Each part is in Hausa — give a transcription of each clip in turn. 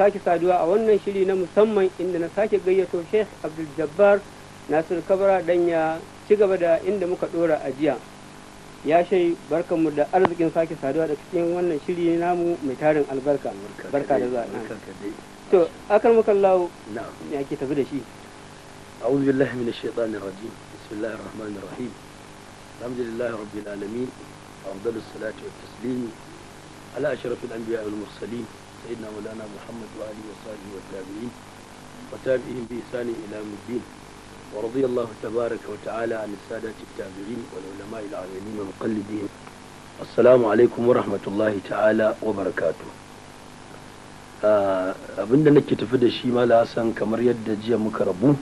sake saduwa a wannan shiri na musamman inda na sake gayyato Sheikh Abdul Jabbar Nasir Kabara dan ya ci gaba da inda muka dora a jiya. Ya shai barkanmu da arzikin sake saduwa da cikin wannan shiri namu mai tarin albarka. Barka da za To, akan muka lawo ya ke tafi da shi. أعوذ بالله من الشيطان الرجيم بسم الله الرحمن الرحيم الحمد لله رب العالمين أفضل الصلاة والتسليم على أشرف الأنبياء والمرسلين سيدنا مولانا محمد وآله وصحبه والتابعين وتابعهم بإحسان إلى يوم الدين ورضي الله تبارك وتعالى عن السادة التابعين والعلماء العاملين ومقلدين السلام عليكم ورحمة الله تعالى وبركاته abin da تفد tafi ما shi mala hassan kamar yadda jiya muka rabu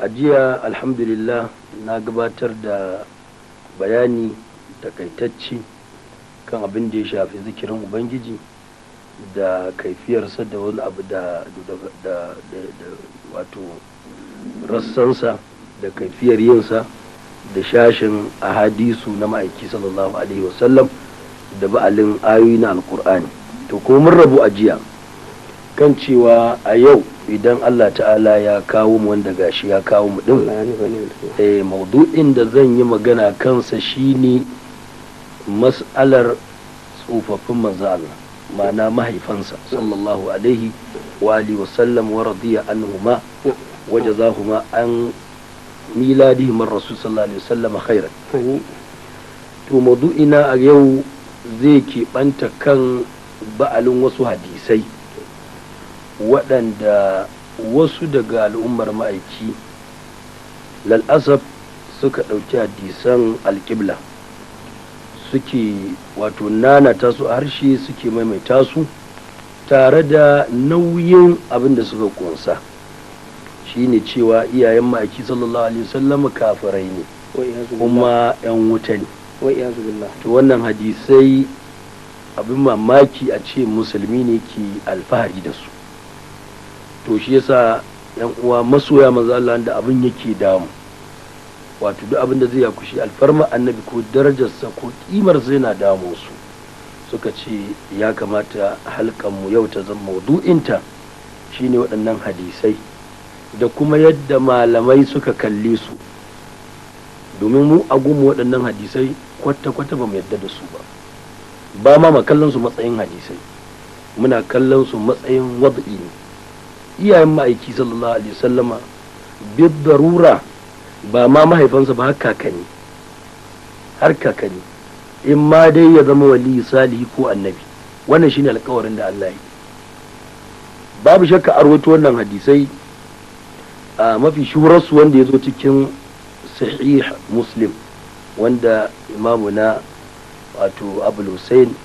a jiya alhamdulillah na gabatar da bayani takaitacci kan abin da ya shafi zikirin ubangiji da kaifiyarsa da wani abu da wato rassansa da kaifiyar yinsa da shashin ahadisu na ma'aiki sallallahu alaihi wasallam da ba'alin ayoyi na alkur'ani to ko mun rabu a jiya kan cewa a yau idan Allah ta'ala ya kawo mu wanda gashi ya kawo mu din eh maudu'in da zan yi magana kansa shine mas'alar tsofaffin manzo Allah ma'ana mahaifansa sallallahu alaihi wa alihi wasallam wa radiya anhuma wa jazahuma an ni rasul sallallahu alaihi wasallam khairan to madu'ina a yau zai keɓanta kan ba'alin wasu hadisai waɗanda wasu daga al'ummar ma'aiki lal'asaf suka ɗauki hadisan alƙibla suke wato nana tasu harshe suke maimaita su tare da nauyin abin da suka kunsa shine cewa iyayen ma'aiki sallallahu alaihi wasallam kafirai ne kuma yan wuta ne to wannan hadisai abin mamaki a ce musulmi ne ke alfahari da su to shi yasa yan uwa masoya manzo Allah da abin yake damu wato duk abin da zai ya kushe alfarma annabi ko darajarsa ko kimar zai na damu su suka ce ya kamata halkanmu yau ta zama maudu'inta shine waɗannan hadisai da kuma yadda malamai suka kalle su domin mu a gumu waɗannan hadisai kwata-kwata ba mu yadda da su ba ba ma ma kallon su matsayin hadisai muna kallon su matsayin wadda'i ne iyayen ma'aiki sallallahu alaihi wasallama bid darura ba ma mahaifansa ba har kakanni har kakanni in ma dai ya zama waliyi salihi ko annabi wannan shine alkawarin da Allah yi babu shakka arwato wannan hadisai a mafi shurarsu wanda ya zo cikin sahih muslim wanda imamu na wato abul hussein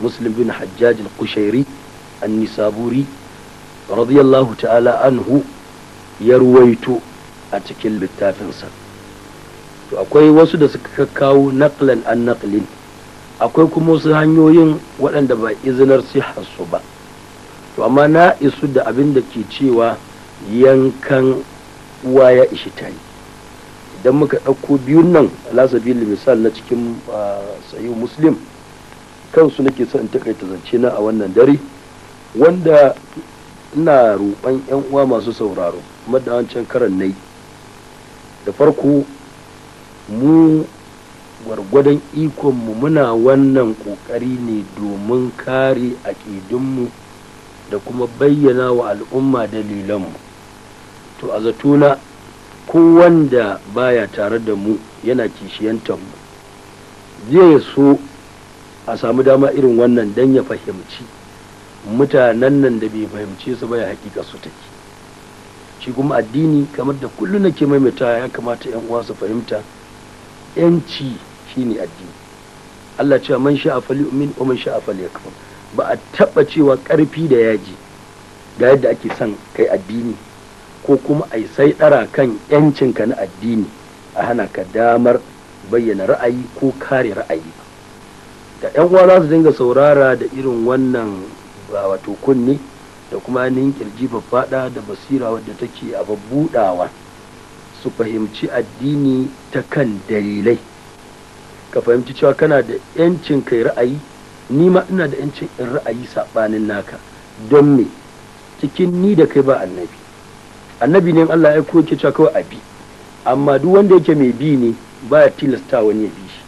muslim bin hajjaj al-kushairi an-nisaburi radiyallahu ta'ala anhu ya ruwaito a cikin littafinsa to akwai wasu da suka kawo naqlan an naqlin akwai kuma wasu hanyoyin waɗanda ba izinar su ba to amma na isu da abin da ke cewa yankan uwa ya ishi tayi idan muka ɗauko biyun nan alasabili misal na cikin ah, sayu muslim kansu nake son in takaita zance na a wannan dare wanda ina roƙon 'yan uwa masu sauraro kuma da karan da farko mu gwargwadon ikonmu muna wannan ƙoƙari ne domin kare aƙidunmu da kuma bayyana wa al'umma dalilanmu to a zatona ko wanda baya tare da mu yana kishiyantarmu zai so a samu dama irin wannan don ya fahimci mutanen nan da bai fahimci su ba ya hakika su take shi kuma addini kamar da kullum nake maimaita ya kamata yan uwa su fahimta yanci shine addini Allah cewa man sha'a falyu'min wa man sha'a falyakfur ba a taba cewa karfi da yaji ga yadda ake son kai addini ko kuma ai sai dara kan yancinka na addini a hana ka damar bayyana ra'ayi ko kare ra'ayi da yan uwa za su dinga saurara da irin wannan wato kunne da kuma ainihin kirji faɗa da basira wadda take a babbuɗawa su fahimci addini ta kan dalilai ka fahimci cewa kana da yancin kai ra'ayi ni ma ina da yancin in ra'ayi saɓanin naka don me cikin ni da kai ba annabi annabi ne Allah ya koke cewa kawai a bi amma duk wanda yake mai bi ne ba ya tilasta wani ya bi shi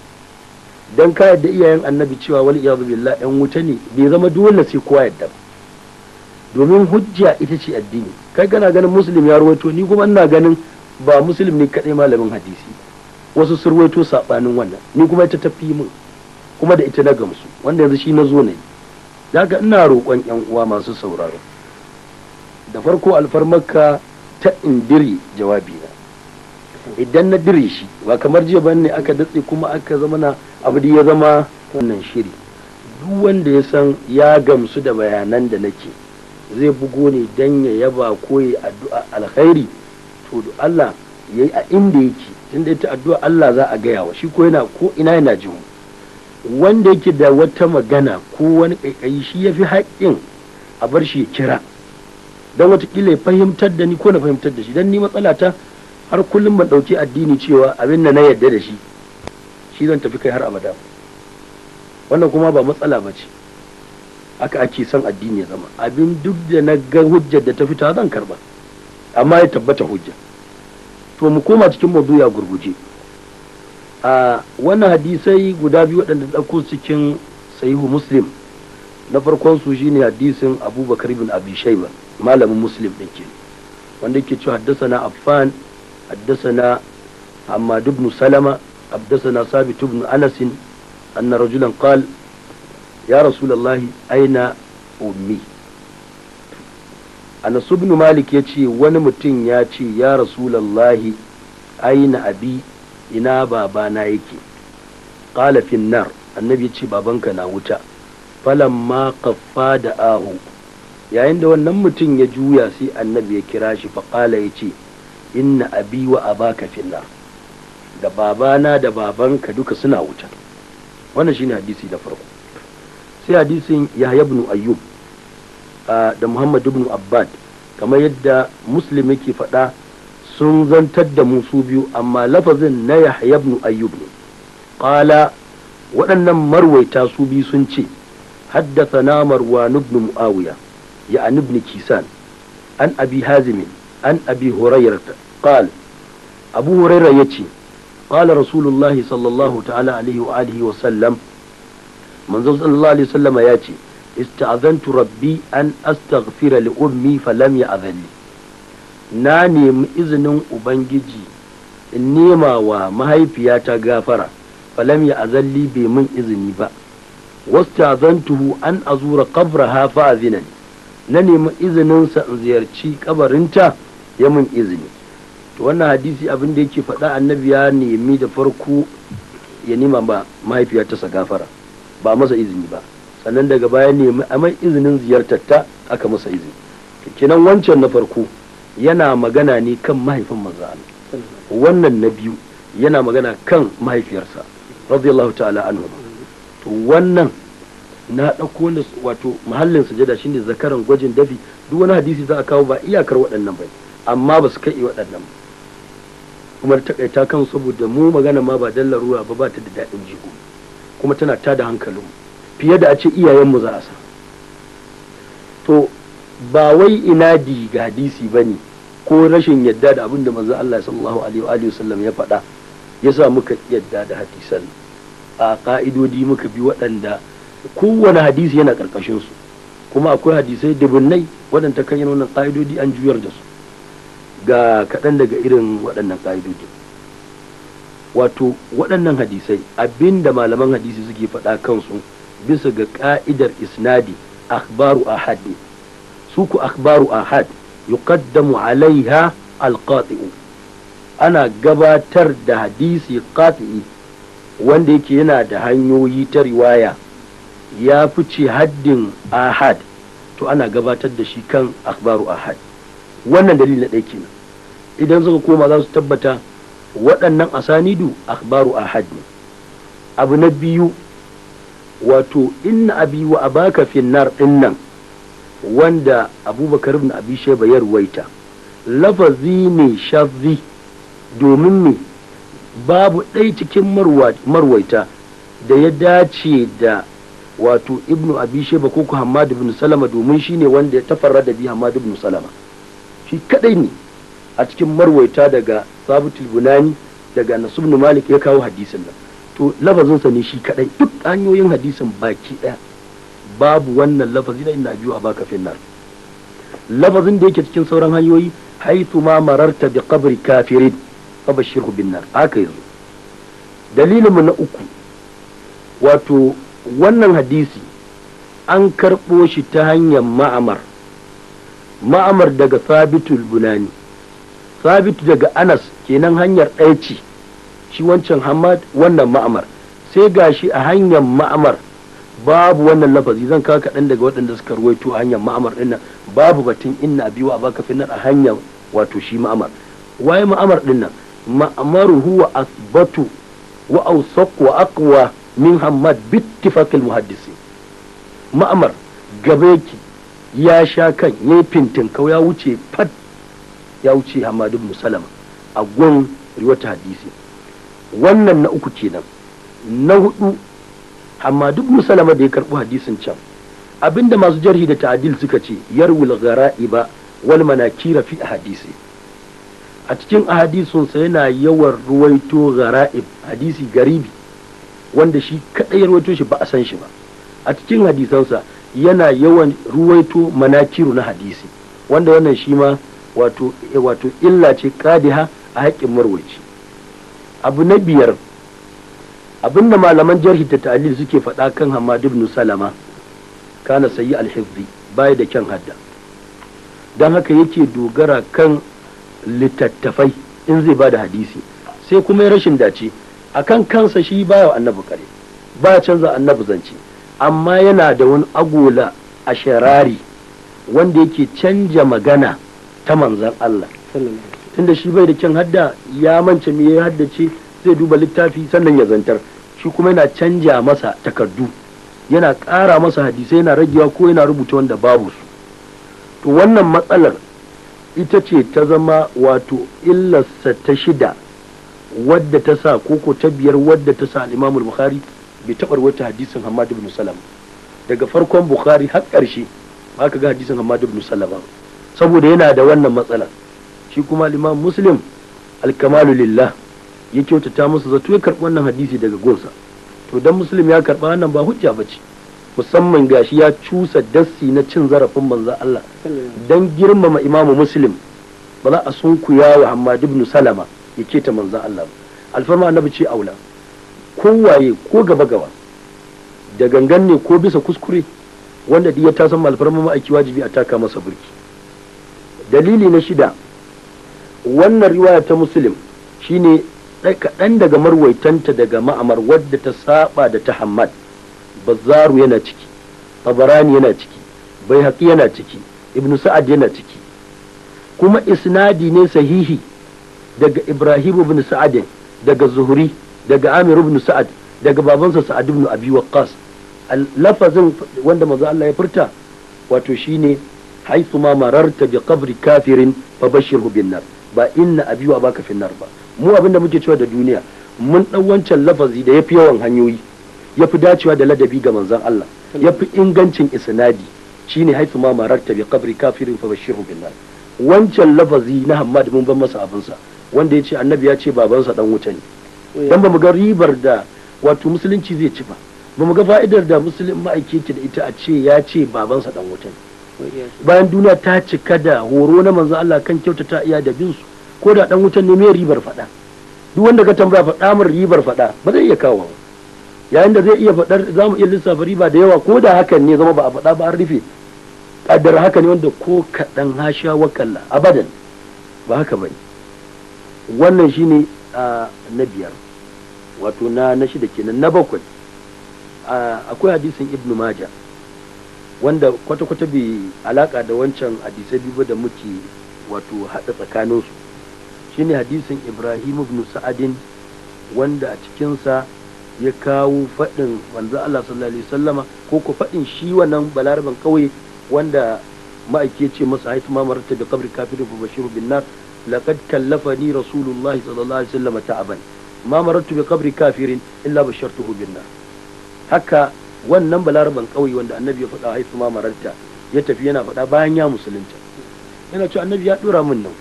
don ka yadda iyayen annabi cewa wal iyadu billah yan wuta ne bai zama dole sai kowa yadda ba domin hujja ita ce addini kai kana ganin muslim ya ruwaito ni kuma ina ganin ba muslim ne kadai malamin hadisi wasu sun ruwaito sabanin wannan ni kuma ita tafi min kuma da ita na gamsu wanda yanzu shi na zo ne daga ina roƙon yan uwa masu sauraro da farko alfarmarka ta indiri jawabi na idan na dire shi ba kamar jiya ba ne aka datse kuma aka zama na abu ya zama wannan shiri duk wanda ya san ya gamsu da bayanan da nake zai bugo ne dan ya yaba ko ya addu'a alkhairi to da Allah ya yi a inda yake tun da ita addu'a Allah za a gaya wa shi ko yana ko ina yana jin wanda yake da wata magana ko wani kaikayi shi ya fi haƙƙin a bar shi ya kira don watakila ya fahimtar da ni ko na fahimtar da shi don ni matsala ta har kullum ban ɗauki addini cewa abin da na yadda da shi shi zan tafi kai har abada wannan kuma ba matsala ba ce aka ake son addini ya zama abin duk da na ga hujjar da ta fita zan karba amma ya tabbata hujja to mu koma cikin ya gurguje a wannan hadisai guda biyu waɗanda ɗauko cikin sahihu muslim na farkon su shine hadisin abubakar bin abi shaiba malamin muslim ɗin ke wanda yake cewa haddasana affan haddasana amma ibn salama haddasana sabit anasin anas anna rajulan qala ya rasulallahi aina ummi anas ibn malik ya ce wani mutum ya ce ya rasulallahi aina abi ina babana yake qala fin nar annabi ya ce babanka na wuta falamma qaffa da ahu yayin da wannan mutum ya juya sai annabi ya kira shi faƙala ya ce inna abi wa abaka finnar da babana da babanka duka suna wuta wannan shine hadisi da farko sai hadisin yahya ibn ayyub da muhammad ibn abbad kamar yadda muslim yake faɗa sun zantar da musu biyu amma lafazin na yahya ibn ayyub ne qala waɗannan marwaita su biyu sun ce haddasa na marwan ibn muawiya ya an ibn kisan an abi hazim an abi hurairah qala abu hurairah yace kala rasulullahi sallallahu ta'ala alaihi alihi wa sallam manzon sallallahu alaihi wasallam ya ce ista'azantu rabbi an astaghfira li ummi falam ya'zani na nemi izinin ubangiji in nema wa mahaifiyata gafara fa falam ya'zali bai min izini ba wastazantuhu an azura qabraha fa azina na nemi sa in ziyarci kabarinta ya min izini to wannan hadisi abin da yake faɗa annabi ya nemi da farko ya nema ba mahaifiyata sa gafara ba masa izini ba sannan daga baya ne a mai izinin ziyartar ta aka masa izini kenan wancan na farko yana magana ne kan mahaifin manzo Allah wannan na biyu yana magana kan mahaifiyarsa radiyallahu ta'ala anhu to wannan na ɗauko ni wato mahallin sujada shine zakaran gwajin dafi duk wani hadisi za a kawo ba iyakar waɗannan ba amma ba su kai waɗannan ba kuma ta kan saboda mu magana ma ba dallar ruwa ba ba ta da daɗin jigo kuma tana ta da hankalin fiye da a ce iyayenmu za a sa to ba wai inadi ga hadisi ba ne ko rashin yadda da abin da manzo Allah sallallahu alaihi wa sallam ya faɗa ya sa muka yadda da hadisan a ka'idodi muka bi waɗanda kowane hadisi yana ƙarƙashin su kuma akwai hadisai dubunnai waɗanda kan yi wannan ka'idodi an juyar da su ga kaɗan daga irin waɗannan ka'idodi wato waɗannan hadisai abinda malaman hadisi suke faɗa kansu bisa ga ƙa'idar isnadi akhbaru ahad ne su ku akhbaru ahad yuqaddamu alaiha alqati'u ana gabatar da hadisi qati'i wanda yake yana da hanyoyi ta riwaya ya fi ce haddin ahad to ana gabatar da shi kan akhbaru ahad wannan dalili na ɗaya kenan idan suka koma za su tabbata waɗannan asanidu akhbaru ahad ne abu na biyu wato inna abi wa abaka dinnan wanda abubakar ibn abi shaiba ya ruwaita lafazi ne shazzi domin ne babu ɗai cikin marwaita da ya dace da wato ibnu abi shaiba ko hamad ibn salama domin ne wanda ya tafarra da bi hamad ibn salama shi kaɗai ne a cikin marwaita daga sabitul bunani daga nasibnu malik ya kawo hadisin nan to lafazinsa ne shi kadai duk hanyoyin hadisin baki daya babu wannan lafazi na ina juwa baka finnar lafazin da yake cikin sauran hanyoyi haitu ma mararta bi qabri kafirin fa fabashirhu bin nar haka yanzu dalilin mu na uku wato wannan hadisi an karɓo shi ta hanyar ma'amar ma'amar daga sabitul bunani sabit daga anas kenan hanyar ɗaya ce shi wancan hamad wannan ma'amar sai gashi a hanyar ma'amar babu wannan lafazi zan kawo kaɗan daga waɗanda suka ruwaito a hanyar ma'amar ɗin nan babu batun inna biyu a baka finar a hanyar wato shi ma'amar waye ma'amar ɗin nan ma'amaru huwa asbatu wa ausaku wa akwa min hamad bittifakil muhaddisi ma'amar gabeki ya sha kan yi fintin kawai ya wuce fat ya wuce hamadun musalam a gwan riwata hadisi wannan na uku kenan na hudu hamadun ibn da ya karbi hadisin can abinda masu jarhi da ta'adil suka ce yarwul ghara'iba wal manakira fi hadisi a cikin ahadisunsa yana yawan ruwaito gara'ib hadisi garibi wanda shi kadai ruwaito shi ba a san shi ba a cikin hadisansa yana yawan ruwaito manakiru na hadisi wanda wannan shi ma Eh, wato illa ce kadiha a haƙƙin marwaci abu na biyar abinda malaman jarhi ta ta'lil suke faɗa kan Hamad ibn Salama kana sayi al baya bai da kyan hadda dan haka yake dogara kan littattafai in zai ba da hadisi sai kuma ya rashin dace akan kansa shi baya annabi kare ba canza annabi zance amma yana da wani agola a sharari wanda yake canja magana ta manzan Allah tunda shi bai da kyan hadda ya mance me ya haddace zai duba littafi sannan ya zantar shi kuma yana canja masa takardu yana ƙara masa hadisai yana ragewa ko yana rubuta wanda babu su to wannan matsalar ita ce ta zama wato illarsa ta shida wadda ta sa koko ta biyar wadda ta sa imamul bukhari bai taɓa wata hadisin hamadu ibn daga farkon bukhari har ƙarshe ba ka ga hadisin hamadu ibn ba. saboda yana da wannan matsala shi kuma liman muslim alkamalu lillah ya kyautata musu zato ya karɓi wannan hadisi daga gonsa to don muslim ya karɓa wannan ba hujja ba ce musamman gashi ya cusa dassi na cin zarafin manzon Allah dan girmama imamu muslim ba za a sunkuya wa Hammad ibn Salama ya ta manzon Allah alfarma annabi ce aula kowaye ko gaba gaba da gangan ne ko bisa kuskure wanda duk ya tasan alfarma aiki wajibi a taka masa burki dalili na shida wannan riwaya ta muslim shine kaɗan daga marwaitanta daga ma'amar wadda ta saba da ta hammad bazaru yana ciki tabarani yana ciki bai haƙi yana ciki ibnu sa'ad yana ciki kuma isnadi ne sahihi daga ibrahim ibn sa'ad daga zuhuri daga amir ibn sa'ad daga babansa sa'ad ibn abi waqqas lafazin wanda manzo ya furta wato shine haythu ma mararta bi kafirin fabashshirhu ba inna abi wa baka fin nar ba mu abinda muke cewa da duniya mun dan wancan lafazi da yafi yawan hanyoyi yafi dacewa da ladabi ga manzon Allah yafi ingancin isnadi shine haythu ma mararta bi qabri kafirin fabashshirhu bin nar wancan lafazi na Hammad mun ban masa abinsa wanda ya ce annabi ya ce babansa dan wuce ne dan ba mu ga ribar da wato musulunci zai ci ba ba mu ga fa'idar da musulun ma'aiki da ita a ce ya ce babansa dan wutan. ne bayan duniya ta cika da horo na manzo Allah kan kyautata iya da bin su ko da dan wutan ne mai ribar faɗa duk wanda ka tambaya faɗa min ribar faɗa ba zai iya kawo yayin da zai iya faɗar za mu iya lissafa riba da yawa ko da hakan ne zama ba a faɗa ba an rufe ƙaddar haka ne wanda ko kaɗan hasha wakalla abadan ba haka bane wannan shine a na biyar wato na na shida kenan na bakwai akwai hadisin ibnu majah wanda kwata-kwata bai alaka da wancan hadisai biyu da muke wato haɗa tsakaninsu shine hadisin ibrahim ibn sa'adin wanda a cikinsa ya kawo faɗin manzo Allah sallallahu alaihi wasallama ko ko faɗin shi wannan balaraban kauye wanda ma'aike ce masa haitu ma marta da kabri kafirin fa bashiru bin nar laqad kallafani rasulullahi sallallahu alaihi wasallama ta'aban ma maratu bi kabri kafirin illa bashartuhu bin nar haka wannan balaraban kawai wanda annabi ya faɗa haifu ma mararta ya tafi yana faɗa bayan ya musulunta yana cewa annabi ya dora min nan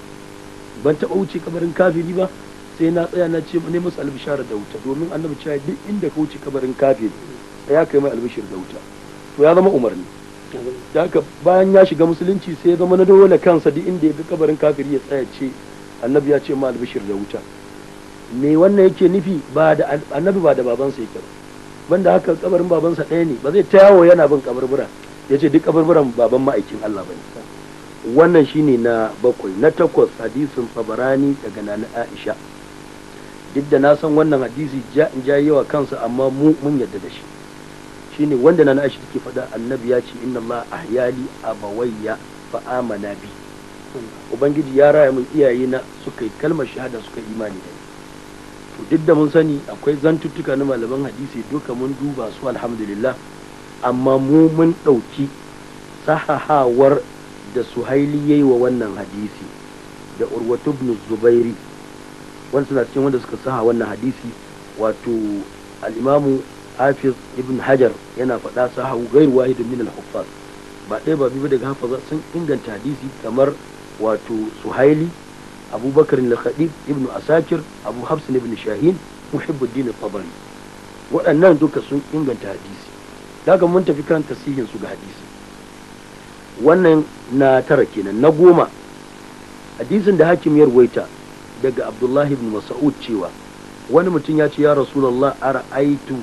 ban taɓa wuce kabarin kafiri ba sai na tsaya na ce ne masu albishara da wuta domin annabi cewa duk inda ka wuce kabarin kafiri ya kai mai albishir da wuta to ya zama umarni da haka bayan ya shiga musulunci sai ya zama na dole kansa duk inda ya ga kabarin kafiri ya tsaya ce annabi ya ce ma albishir da wuta me wannan yake nufi ba da annabi ba da babansa yake ba banda haka kabarin babansa ɗaya ne ba zai ta yawo yana bin kabarbura ya ce duk kabarburan baban ma'aikin Allah ba ne wannan ne na bakwai na takwas hadisin fabarani daga na aisha duk da na san wannan hadisi ja yawa kansa amma mu mun yadda da shi Shi ne wanda nana aisha take faɗa annabi ya ce inna ma ahyali abawayya fa amana bi ubangiji ya raya min iyayena suka yi kalmar shahada suka imani da to duk da mun sani akwai zantuttuka na malaman hadisi duka mun duba su alhamdulillah amma mu mun ɗauki sahahawar da suhaili yayi wa wannan hadisi da urwatu ibn zubairi wanda suna cikin wanda suka saha wannan hadisi wato al-imamu hafiz ibn hajar yana faɗa sahahu gairu wahid min al-huffaz ba ɗaya ba biyu daga hafaza sun inganta hadisi kamar wato suhaili abubakar al-khatib ibn asakir abu hafs ibn shahin muhibbuddin tabari waɗannan duka sun inganta hadisi daga mun tafi kan tasihin su ga hadisi wannan na tara kenan na goma hadisin da hakim ya ruwaita daga abdullahi ibn mas'ud cewa wani mutum ya ce ya rasulullah ara'aitu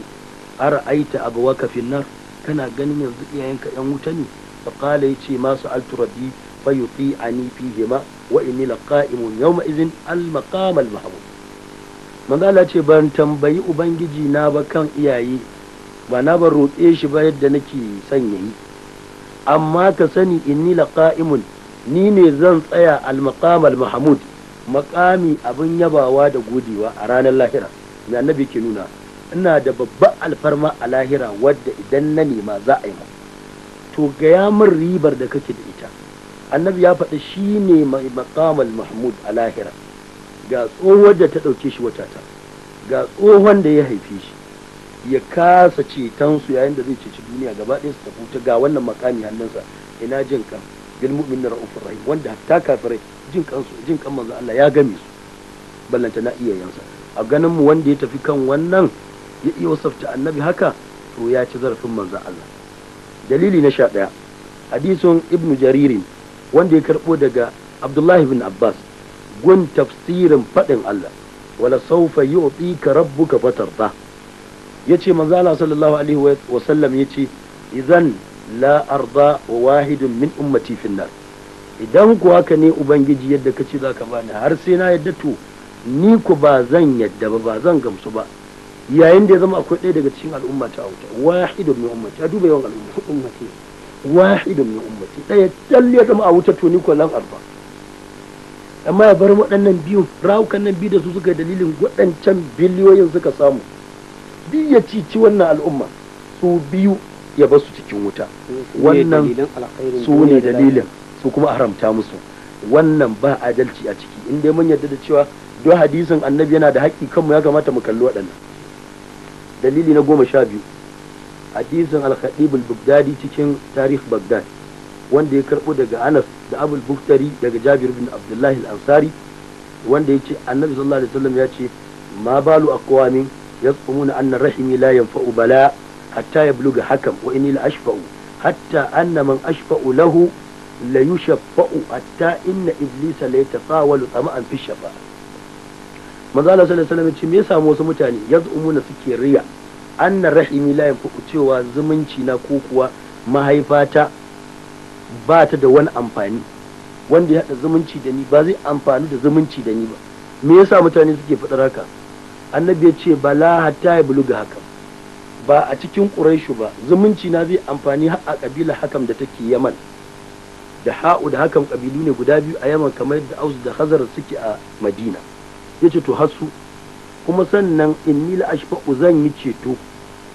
ara'aita abawaka finnar kana ganin yanzu iyayenka yan wuta ne fa qala yace ma sa'altu rabbi فيطيعني فيهما وإني لقائم يومئذ al المحمود manzo Allah ce ban tambayi ubangiji na ba kan iyaye ba na ba roƙe shi ba yadda nake sanya yayi amma ka sani inni laqa'imun ni ne zan tsaya al-maqam al-mahmud maqami abin yabawa da godewa a ranar lahira mai annabi ke nuna ina da babban alfarma a lahira wadda idan na nema za a yi ma to gaya min ribar da kake da ita annabi ya faɗi shi ne mai makamal mahmud a lahira ga tsohon da ta ɗauke shi ta ga tsohon da ya haife shi ya kasa cetonsu yayin da zai ceci duniya gaba ɗaya su tafi ta ga wannan makami hannunsa ina jin kan bil na ra'ufin rahim wanda hatta kafirai jin kansu jin kan manzo Allah ya game su ballanta na iya yansa a ganin mu wanda ya tafi kan wannan ya iya wasafta annabi haka to ya ci zarafin manzo Allah dalili na sha ɗaya hadisin ibnu jaririn wanda ya karbo daga abdullahi bin abbas gun tafsirin faɗin allah wala saufa yu'tika rabbuka fatarda yace manzo Allah sallallahu alaihi wa sallam yace idan la arda wa wahidin min ummati finnar idan ku haka ne ubangiji yadda kace zaka bani har sai na yadda to ni ku ba zan yadda ba ba zan gamsu ba yayin da ya zama akwai ɗaya daga cikin al'umma ta wuta wahidun min ummati a duba yawan al'umma ummati wahidun min ummati ɗaya tsalle ya zama a wuce to ni ko lan arba amma ya bar waɗannan biyu rawukan nan biyu da su suka dalilin waɗancan biliyoyin suka samu duk ya cici wannan al'umma su biyu ya basu cikin wuta wannan su ne dalilin su kuma haramta musu wannan ba adalci a ciki in dai mun yarda da cewa don hadisin annabi yana da haƙƙi kanmu ya kamata mu kalli waɗannan dalili na goma sha biyu hadisin al-khatib al-baghdadi cikin tarihi baghdad wanda ya karbo daga anas da abul daga jabir bin abdullahi al-ansari wanda ya ce annabi sallallahu alaihi wasallam ya ce ma balu aqwami yasumuna anna rahimi la yanfa'u bala hatta yabluga hakam wa inni la ashfa'u hatta anna man ashfa'u lahu la yushaffa'u hatta inna iblisa la yatafawalu tama'an fi shafa manzo Allah sallallahu alaihi wasallam ya ce me yasa wasu mutane yasumuna suke riya annar rahimi la yanfu cewa zumunci na ko kuwa mahaifata ba ta da wani amfani wanda ya haɗa zumunci da ni ba zai amfani da zumunci da ni ba me yasa mutane suke faɗar haka annabi ya ce ba bala hatta ya buluga haka ba a cikin ƙuraishu ba zumunci na zai amfani a ƙabila hakan da take yaman da ha'u da hakan ƙabilu ne guda biyu a yaman kamar da aus da hazar suke a madina ya ce to hasu kuma sannan in la ashfa'u zan yi ceto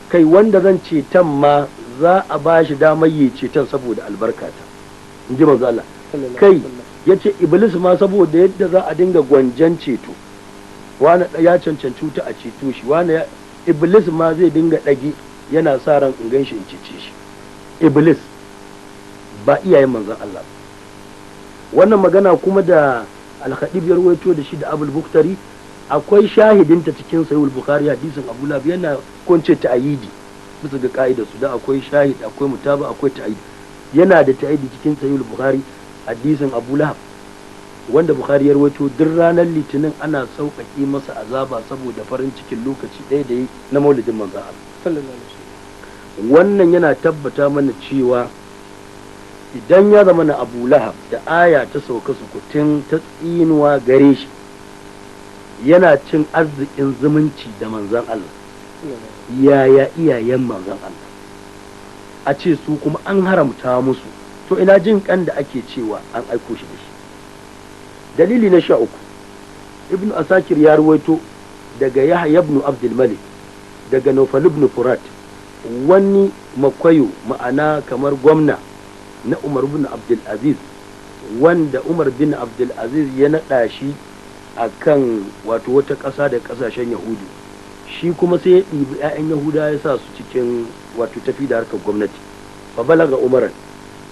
kai wanda zan cetan ma za a ba shi damar yi ceton saboda albarkata in ji manzo Allah kai ya ce iblis ma saboda yadda za a dinga gwanjan ceto wani ya cancanci ta a ceto shi wani iblis ma zai dinga ɗage yana sa ran in gan shi in cece shi iblis ba iyayen manzon Allah wannan magana kuma da alhadib ya da shi da abul buktari akwai shahidinta cikin sahihul bukhari hadisin abu labi yana kunce ta'ayidi bisa ga ka'ida su da akwai shahid akwai mutaba akwai ta'ayidi yana da ta'ayidi cikin sahihul bukhari hadisin abu wanda bukhari ya rawaito duk ranar litinin ana sauƙaƙe masa azaba saboda farin cikin lokaci ɗaya da na maulidin manzon wannan yana tabbata mana cewa idan ya zama na abu lahab da aya ta sauka sukutin ta tsinuwa gare shi yana cin arzikin zumunci da manzan Allah yaya iyayen manzan Allah a ce su kuma an haramta musu to ina jin kan da ake cewa an aiko shi da shi dalili na sha uku ibnu asakir ya ruwaito daga yahya ibn abdul malik daga nufal ibn furat wani makwayo ma'ana kamar gwamna na umar bin abdul aziz wanda umar bin abdul aziz ya naɗa shi a kan wato wata ƙasa da ƙasashen yahudu shi kuma sai ya ɗibi 'ya'yan yahuda ya sa su cikin wato tafi da harkar gwamnati fa balaga umaran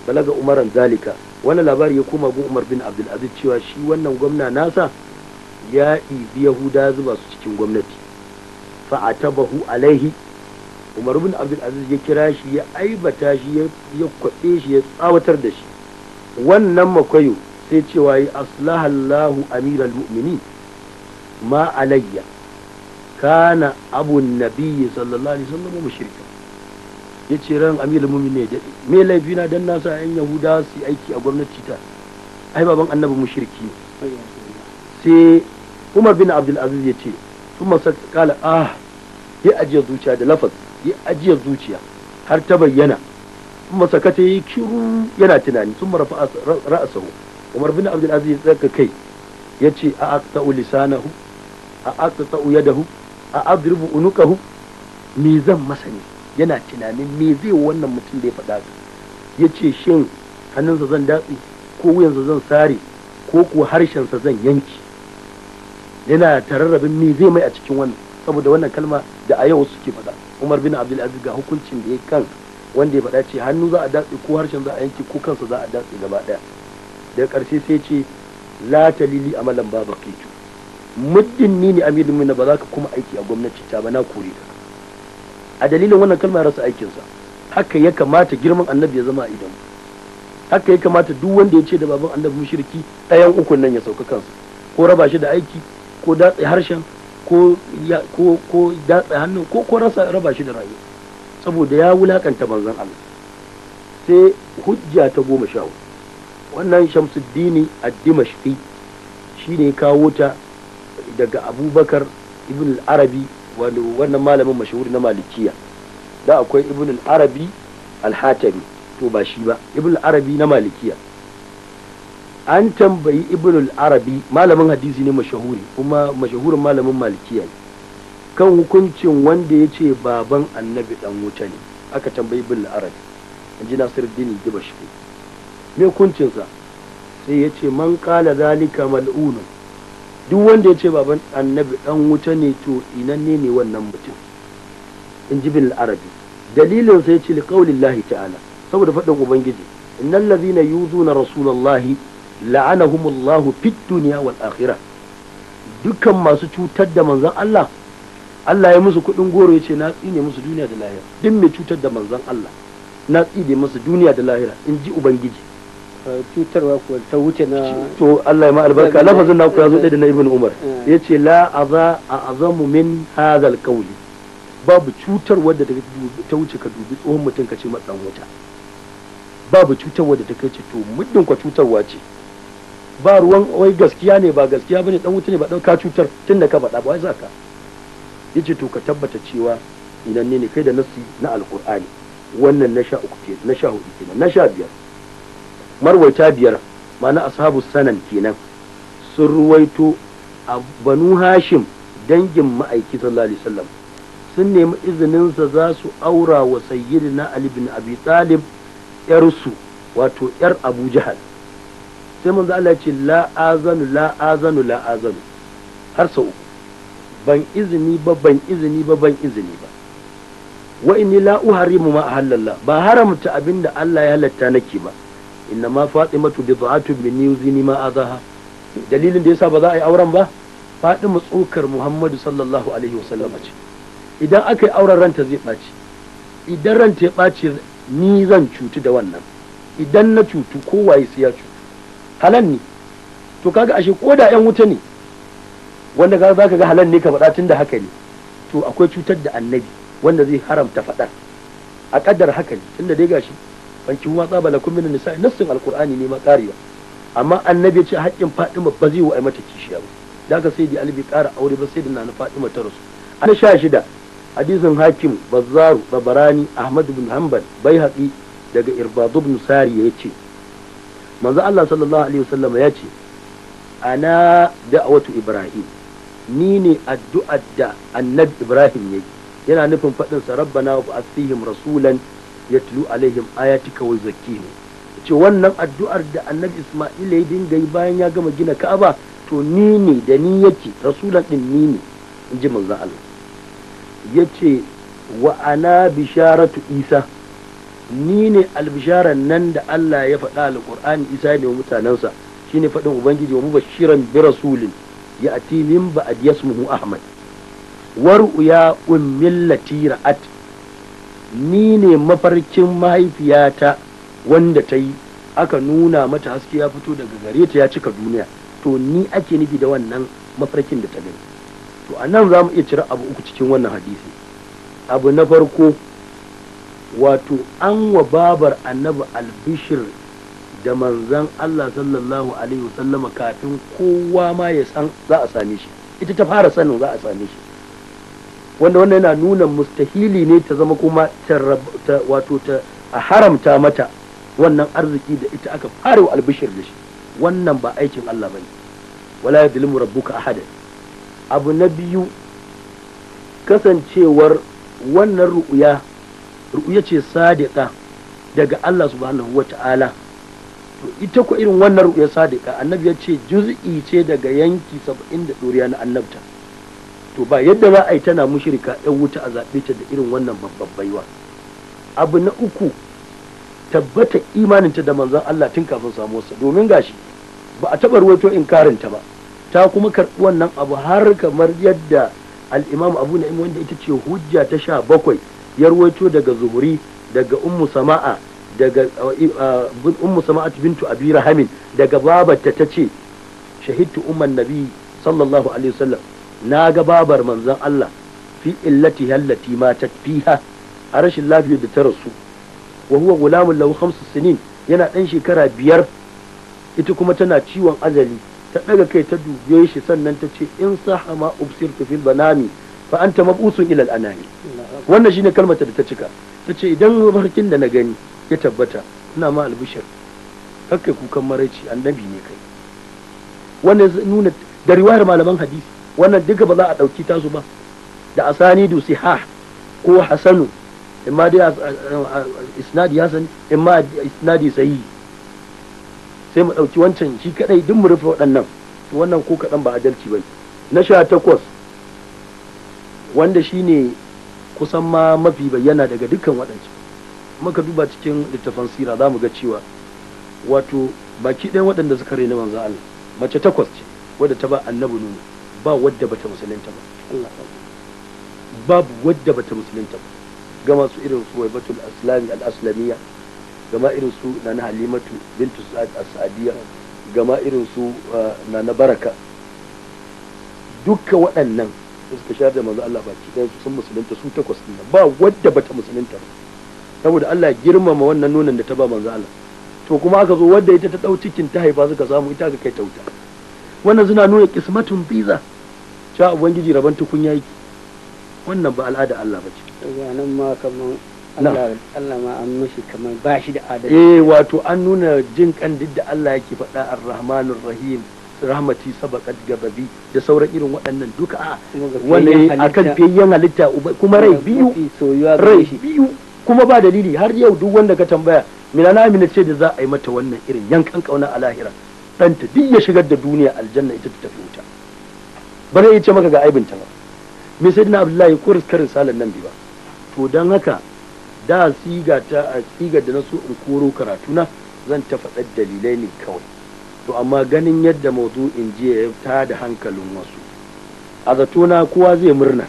balaga umaran zalika wannan labari ya koma gun umar bin abdulaziz cewa shi wannan gwamna nasa ya ɗibi yahuda ya zuba su cikin gwamnati fa bahu alaihi umar bin abdulaziz ya kira shi ya aibata shi ya kwaɓe shi ya tsawatar da shi wannan makwayo sai cewa yi aslahallahu amiral mu'mini ma alayya kana abu nabiyyi sallallahu alaihi wasallam mushrika yace ran amirul mu'mini ne dai me laifi na dan nasa yan yahuda su aiki a gwamnati ta ai baban annabi mushriki ne sai Umar bin Abdul Aziz ya ce sai kala ah ya ajiye zuciya da lafaz ya ajiye zuciya har ta bayyana kuma sakata yi kiru yana tunani sun marafa ra'asahu umar bin abdul aziz tsaka kai ce a aqta'u lisanahu a aqta'u yadahu a adribu unukahu me zan masa ne yana tunanin me zai wannan mutum da ya faɗa ce shin hannunsa zan datsi ko wuyansa zan sare ko kuwa harshensa zan yanki yana tararrabin me zai mai a cikin wannan saboda wannan kalma da a yau suke faɗa umar bin abdul aziz ga hukuncin da ya kan wanda ya faɗa ce hannu za a datse ko harshen za a yanki ko kansa za a datse gaba ɗaya daga karshe sai ce la talili amalan ba baqitu muddin ni ne amidin mina ba za ka kuma aiki a gwamnati ta ba na kore ka a dalilin wannan kalma rasa aikinsa haka ya kamata girman annabi ya zama a idan haka ya kamata duk wanda ya ce da baban annabi mushriki ɗayan ukun nan ya sauka kansa ko raba shi da aiki ko datse harshen ko ko datse hannu ko ko rasa raba shi da rayuwa saboda ya wulakanta banzan Allah sai hujja ta goma sha hudu wannan shamsuddini dimashfi shi ne kawo ta daga abubakar ibn al-arabi wannan malamin mashahuri na malikiya da akwai ibn al-arabi al to ba shi ba ibn al na malikiya an tambayi ibn al malamin hadisi ne mashahuri kuma mashahurin malamin malikiya kan hukuncin wanda ya ce baban annabi dan wuta ne aka tambayi ibn al-arabi an ji nasiruddin dimashqi mai kuncinsa sai ya ce man kala zalika mal'unu duk wanda ya ce baban annabi dan wuta ne to inanne ne wannan mutum in ji bil arabi dalilin sai ce liqaulillahi ta'ala saboda faɗin ubangiji innal yuzu na rasulullahi la'anahumullahu fit duniya wal akhira dukkan masu cutar da manzon Allah Allah ya musu kuɗin goro ya ce na tsine musu duniya da lahira duk mai cutar da manzon Allah na tsine musu duniya da lahira in ji ubangiji cutarwa ko ta wuce na to Allah ya ma albarka lafazin naku ya zo da na ibn umar eh, eh. yace la aza azamu min hadha alqawli babu cutar wadda ta wuce ka dubi tsohon mutum ka ce matsan wuta babu cutar wadda ta kai ce to muddin ka cutarwa ce ba ruwan wai gaskiya ne ba gaskiya bane dan wuta ne ba dan ka cutar tunda ka faɗa ba wai zaka yace to ka tabbata cewa inanne ne kai da nasi na alqur'ani wannan na sha uku na sha hudu na sha biyar marwaita biyar mana ashabu sanan kenan sun ruwaito a banu hashim dangin ma'aiki sallallahu alaihi wasallam sun nemi izininsa za su aura wa sayyidina ali bin abi talib yarsu wato yar abu jahal sai manzo Allah ce la azanu la azanu la azanu har sau ban izini ba ban izini ba ban izini ba wa inni la uharimu ma ahallalla ba haramta abinda Allah ya halatta nake ba inna ma fatimatu bid'atun minni yuzini ma azaha dalilin da yasa ba za a yi auren ba fatima tsokar muhammadu sallallahu alaihi sallam ce idan aka yi auren ranta zai baci idan ranta ya baci ni zan cutu da wannan idan na cutu kowaye su ya cutu halan ne to kaga ashe ko da yan wuta ne wanda za ka ga halan ne ka faɗa tun da haka ne to akwai cutar da annabi wanda zai haramta faɗar a kaddar haka ne tunda dai gashi fanki huwa tsaba lakum min nisa nassin alqur'ani ne ma kariya amma annabi ya ce haƙƙin Fatima ba zai wa mata kishiya ba Da ka sai da albi ƙara aure ba sai da nana Fatima ta rasu an sha shida hadisin hakim bazzaru babarani ahmad bin hanbal baihaqi daga irbad ibn sari ya ce manzo Allah sallallahu alaihi wasallam ya ce ana da'watu ibrahim ni ne addu'ar da annabi ibrahim yayi yana nufin faɗin sa rabbana wa asihim rasulan yatlu alaihim ayatika wa zakkihim ce wannan addu'ar da annabi Isma'il ya dinga yi bayan ya gama gina Ka'aba to ni ne da ni yake rasulan din ni ne in ji Allah yace wa ana bisharatu Isa ni ne albisharan nan da Allah ya faɗa alqur'ani Isa ne wa mutanensa shine faɗin ubangiji wa mubashiran bi rasulin ya'ti min ba'd yasmuhu Ahmad wa ru'ya ummillati ra'at ni ne mafarkin mahaifiyata wanda ta yi aka nuna mata haske ya fito daga gare ta ya cika duniya to ni ake nufi da wannan mafarkin da ta gani to a nan za mu iya cire abu uku cikin wannan hadisi abu na farko wato an wa babar annabi albishir da manzan Allah sallallahu alaihi wasallama kafin kowa ma ya san za a same shi ita ta fara sanin za a same shi wanda wannan yana nuna mustahili ne ta zama kuma ta wato ta a haramta mata wannan arziki da ita aka fara wa albishir da shi wannan ba aikin Allah bane wala yadlimu rabbuka ahada abu na biyu kasancewar wannan ru'uya ru'uya ce sadiqa daga Allah subhanahu wata'ala to ita ko irin wannan ru'uya sadiqa annabi ya ce juz'i ce daga yanki 70 da doriya na annabta to ba yadda za a yi tana mushirika ɗan wuta a zaɓe ta da irin wannan babban baiwa abu na uku tabbatar imanin ta da manzan Allah tun kafin samuwarsa domin gashi ba a taɓa ruwaito in karinta ba ta kuma karɓi wannan abu har kamar yadda al'imam abu na'im wanda ita ce hujja ta sha bakwai ya ruwato daga zuhuri daga ummu sama'a daga uh, uh, ummu bintu abi daga babata ta ce shahidtu umman nabi sallallahu alaihi wasallam na ga babar manzon Allah fi illati hallati ma ta fiha a rashin lafiyar da ta rasu wa huwa gulamun lahu khamsu sinin yana ɗan shekara biyar ita kuma tana ciwon azali ta ɗaga kai ta dubiye shi sannan ta ce in saha ma ubsirtu fil banami fa anta mab'usun ila anami wannan shine kalmar da ta cika ta ce idan mafarkin da na gani ya tabbata ina ma albishir kakkai kukan maraici annabi ne kai wannan nuna da riwayar malaman hadisi wannan duka ba za a ɗauki tasu ba da a asanidu siha ko hasanu imma dai isnadi hasan imma isnadi sayi sai mu ɗauki wancan shi kadai duk mu rufe waɗannan wannan ko kaɗan ba adalci ba na sha takwas wanda shine kusan ma mafi bayyana daga dukkan waɗancan muka duba cikin littafan sira za mu ga cewa wato baki ɗaya waɗanda suka rena manzo Allah mace takwas ce wadda ta ba annabi nuna ba wadda bata musulunta ba Allah babu wadda bata musulunta ba gama su irin su batul aslami al-aslamiyya gama irin su na na halimatu bintu sa'ad as-sa'adiyya gama irin su uh, na na baraka dukkan waɗannan suka shayar da manzo Allah baki ɗaya sun musulunta su takwas ɗin ba wadda bata musulunta ba saboda Allah girmama wannan nonon da ta ba manzo Allah to kuma aka zo wadda ita ta ɗau cikin ta haifa suka samu ita ga kai ta wuta wannan suna nuna kismatun biza cewa ubangiji rabon ya yi wannan ba al'ada Allah ba ce nan ma kamar Allah ma an mashi kamar ba shi da adalci eh wato an nuna jin kan duk da Allah yake faɗa ar-rahmanur rahim rahmati sabaqat gababi da sauran irin waɗannan duka a wanda akan fiyayyen halitta kuma rai biyu rai biyu kuma ba dalili har yau duk wanda ka tambaya mina na amina ce da za a yi mata wannan irin yankan kauna a lahira ɗanta duk ya shigar da duniya aljanna ita ta tafi wuta ba zai ce maka ga ta ba me sai na abdullahi ko riskar risalar nan bi ba to don haka da siga ta a sigar da na so in koro karatuna zan ta faɗa dalilai ne kawai to amma ganin yadda in jiya ya ta da hankalin wasu a zatona kowa zai murna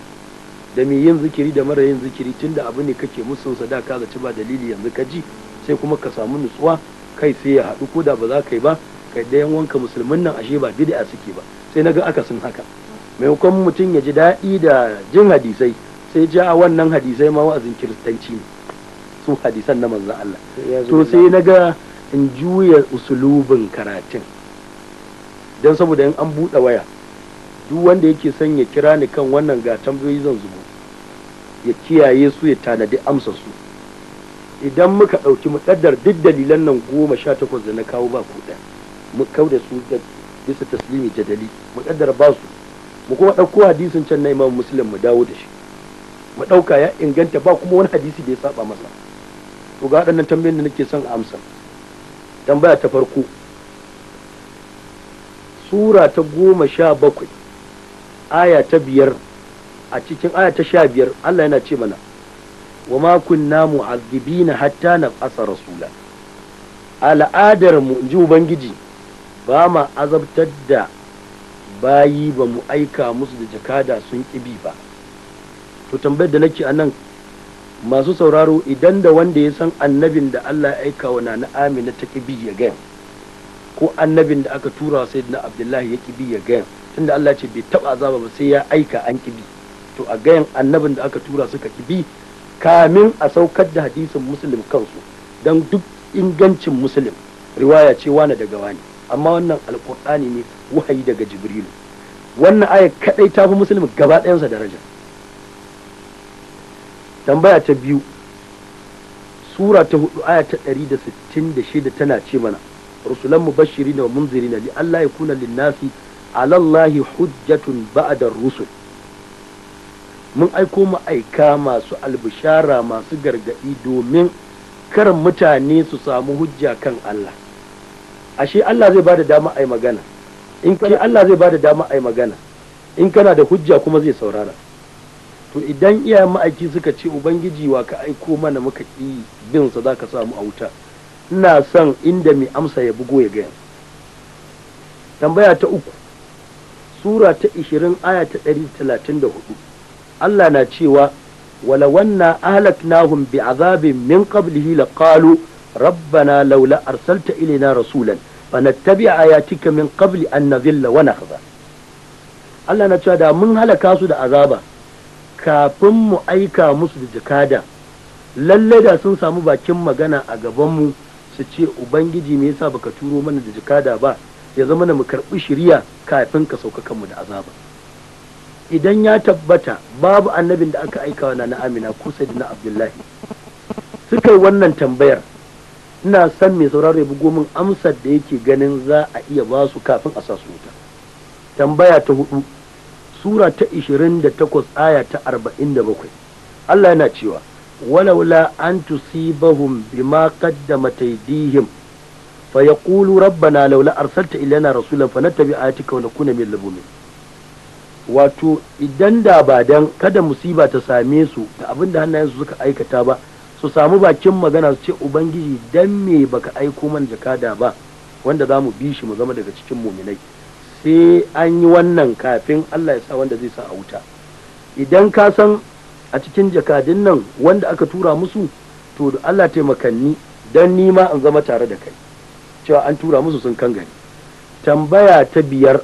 da mai yin zikiri da mara yin zikiri da abu ne kake musu da ka zaci ba dalili yanzu ka ji sai kuma ka samu nutsuwa kai sai ya haɗu ko da ba za ka yi ba kai da yan wanka musulmin nan ashe ba bid'a suke ba sai naga aka sun haka maimakon mutum ya ji daɗi da jin hadisai sai ja a wannan hadisai ma wa'azin kiristanci ne su hadisan na manzon Allah to sai naga in juya usulubin karatun don saboda in an buɗe waya duk wanda yake son ya kira ni kan wannan ga tambayoyi zan zubo ya kiyaye su ya tanadi amsa su idan muka ɗauki muƙaddar duk dalilan nan goma sha takwas da na kawo ba ku ɗaya mu kau da su bisa taslimi jadali mu kaddara ba su mu kuma ɗauko hadisin can na imam muslim mu dawo da shi mu ɗauka ya inganta ba kuma wani hadisi da ya saba masa to ga waɗannan tambayoyin da nake son amsa tambaya ta farko sura ta goma sha bakwai aya ta biyar a cikin aya ta sha biyar Allah yana ce mana wa ma kunna mu'azzibina hatta na ƙasa rasula al'adar mu ji ubangiji ba ma azabtar da bayi ba mu aika musu da jakada sun ƙibi ba to tambayar da nake a nan masu sauraro idan da wanda ya san annabin da Allah ya aika wa na amina ta ƙibi ya gaya ko annabin da aka tura sai na abdullahi ya ƙibi ya gaya tunda Allah ce bai taɓa azaba ba sai ya aika an ƙibi to a gayan annabin da aka tura suka ƙibi kamin a saukar da hadisin musulun kansu don duk ingancin musulun riwaya ce wani daga wani amma wannan alkur'ani ne wahayi daga jibrilu wannan ayar kadai ta fi muslim gaba ɗayansa daraja tambaya ta biyu sura ta hudu aya ta ɗari da sittin da shida tana ce mana rusulan bashiri na munziri na li'allah ya kuna linnasi alallahi hujjatun ba'ada rusul mun aiko ma'aika masu albishara masu gargaɗi domin kar mutane su samu hujja kan Allah ashe Allah zai bada dama ai magana in Allah zai bada dama ai magana in kana da hujja kuma zai saurara to idan iyayen ma'aiki suka ce ubangiji wa ka aiko mana muka ki bin sa zaka samu a wuta ina son inda mai amsa ya bugo ya gaya tambaya ta uku sura ta 20 aya ta 134 Allah na cewa wala wanna ahlaknahum bi'azabin min qablihi laqalu rabbana laula arsalta ilaina rasulan fanattabi ayatika min qabli an nadhilla wa nakhza Allah na cewa da mun halaka su da azaba kafin mu aika musu da jakada Lallai da sun samu bakin magana a gaban mu su ce ubangiji me yasa baka turo mana da jakada ba ya zama na mu karɓi shiriya kafin ka sauka kanmu da azaba idan ya tabbata babu annabin da aka aika wa na amina ko sai na abdullahi suka yi wannan tambayar ina san mai sauraro ya bugo min amsar da yake ganin za a iya ba su kafin a sasu su wuta tambaya ta hudu sura ta 28 aya ta 47 Allah yana cewa walaula an tusibahum bima qaddama taydihim fa yaqulu rabbana laula arsalta ilana rasulan natabi ayatika wa nakuna min al-mu'minin wato idan da ba dan kada musiba ta same su da abinda hannayensu suka aikata ba su samu bakin magana su ce ubangiji dan me baka aiko man jakada ba wanda za mu bi shi mu zama daga cikin muminai sai an yi wannan kafin Allah ya sa wanda zai sa a wuta idan ka san a cikin jakadin nan wanda aka tura musu to da Allah taimakanni dan ni ma in zama tare da kai cewa an tura musu sun kan gani tambaya ta biyar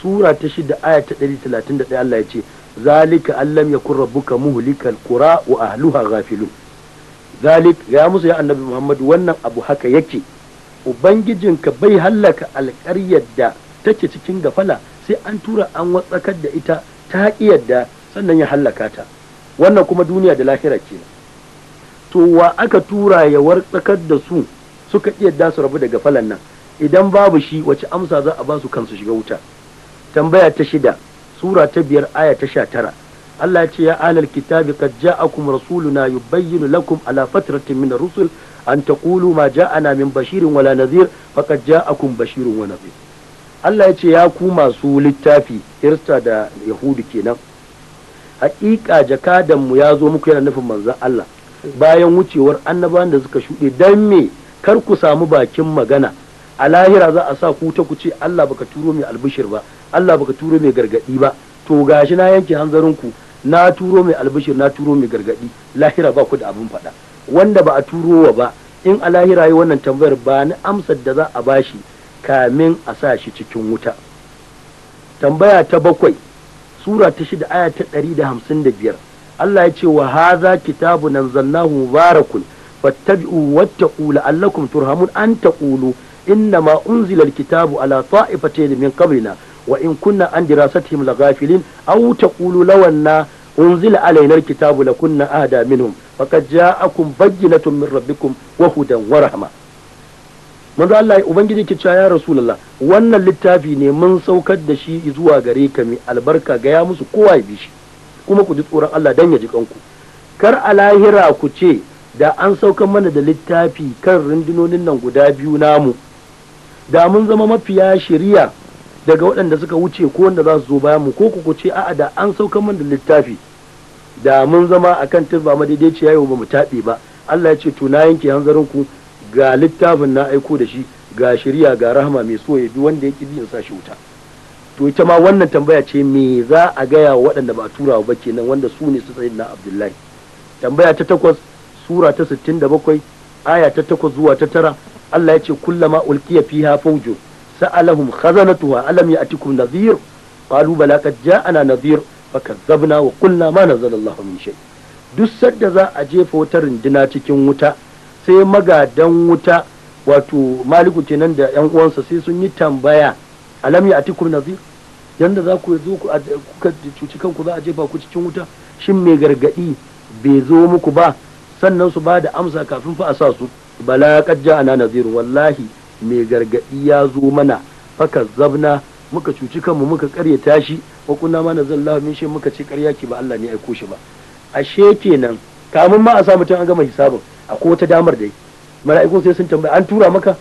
sura ta shida aya ta 131 Allah ya ce zalika allam yakun rabbuka muhlikal qura wa ahluha ghafilun zalik ya musu ya annabi muhammadu wannan abu haka yake ubangijinka bai hallaka alƙaryar da take cikin gafala sai an tura an watsakar da ita ta da sannan ya hallaka ta wannan kuma duniya da lahira ce to wa aka tura ya wartsakar da su suka iya su rabu daga falan nan idan babu shi wace amsa za a ba su kansu shiga wuta tambaya ta shida sura ta biyar aya ta sha tara Allah ya ce ya alal kitabi kad ja'akum rasuluna yubayyinu lakum ala fatratin min ar-rusul an taqulu ma ja'ana min bashirin wala nadhir faqad ja'akum bashirun wa nadhir Allah ya ce ya ku masu littafi irsta da yahudu kenan haƙiƙa jakadan mu ya zo muku yana nufin manzon Allah bayan wucewar annabawan da suka shuɗe dan me kar ku samu bakin magana a lahira za a sa ku ta ku ce Allah baka turo mai albishir ba Allah baka turo mai gargadi ba to gashi na yanke hanzarinku. ku na turo mai albishir na turo mai gargadi lahira ba ku da abun faɗa wanda ba a turo wa ba in a lahira yi wannan tambayar ba ni amsar da za a bashi kamin a sa shi cikin wuta tambaya ta bakwai sura ta shida aya ta ɗari da hamsin da biyar Allah ya ce wa haza kitabu zannahu barakun fattabi'u wattaqu la'allakum turhamun an taqulu na unzila alkitabu ala ta'ifatayn min qablina wa in kunna an dirasatihim ghafilin aw taqulu anna unzila alaina alkitabu kunna ahda minhum faqad ja'akum bayyinatun min rabbikum wa hudan wa rahma manzo Allah ubangiji ki cewa ya rasulullah wannan littafi ne mun saukar da shi zuwa gare ka mai albarka ga ya musu kowa ya bi shi kuma ku ji tsoron Allah dan ya ji kanku kar a lahira ku ce da an saukar mana da littafi kan rundunonin nan guda biyu namu da mun zama mafiya shiriya daga waɗanda suka wuce ko wanda za su zo bayan mu ko ku ce a'a da an sauka min da littafi da mun zama akan daidai ce yayi ba mu taɓe ba Allah ya ce to na yanke hanzarin ku ga littafin na aiko da shi ga shari'a ga rahama mai so ya bi wanda yake bi in sa shi wuta to ita ma wannan tambaya ce me za a gaya wa waɗanda ba tura ba kenan wanda su ne su tsaye na Abdullahi tambaya ta takwas sura ta 67 aya ta takwas zuwa ta tara Allah ya ce kullama ulqiya fiha fawjun sa'alahum khazanatuha alam ya'tikum nadhir qalu bala qad ja'ana nadhir fakazzabna wa qulna ma nazala Allahu min duk sadda za a jefa wata runduna cikin wuta sai magadan wuta wato maliku kenan da yan uwansa sai sun yi tambaya alam ya'tikum nadhir yanda za ku zo ku cuci kanku za a jefa ku cikin wuta shin mai gargadi bai zo muku ba sannan su ba da amsa kafin fa a sa su bala qad ja'ana wallahi mai gargadi ya zo mana faka zabna muka cuci kanmu muka karyata tashi. wa kunna mana nazallahu min shi muka ce karya ki ba Allah ne aiko shi ba ashe kenan kamun ma a sa mutum an gama hisabin akwai wata damar da yi mala'iku sai sun tambaya an tura maka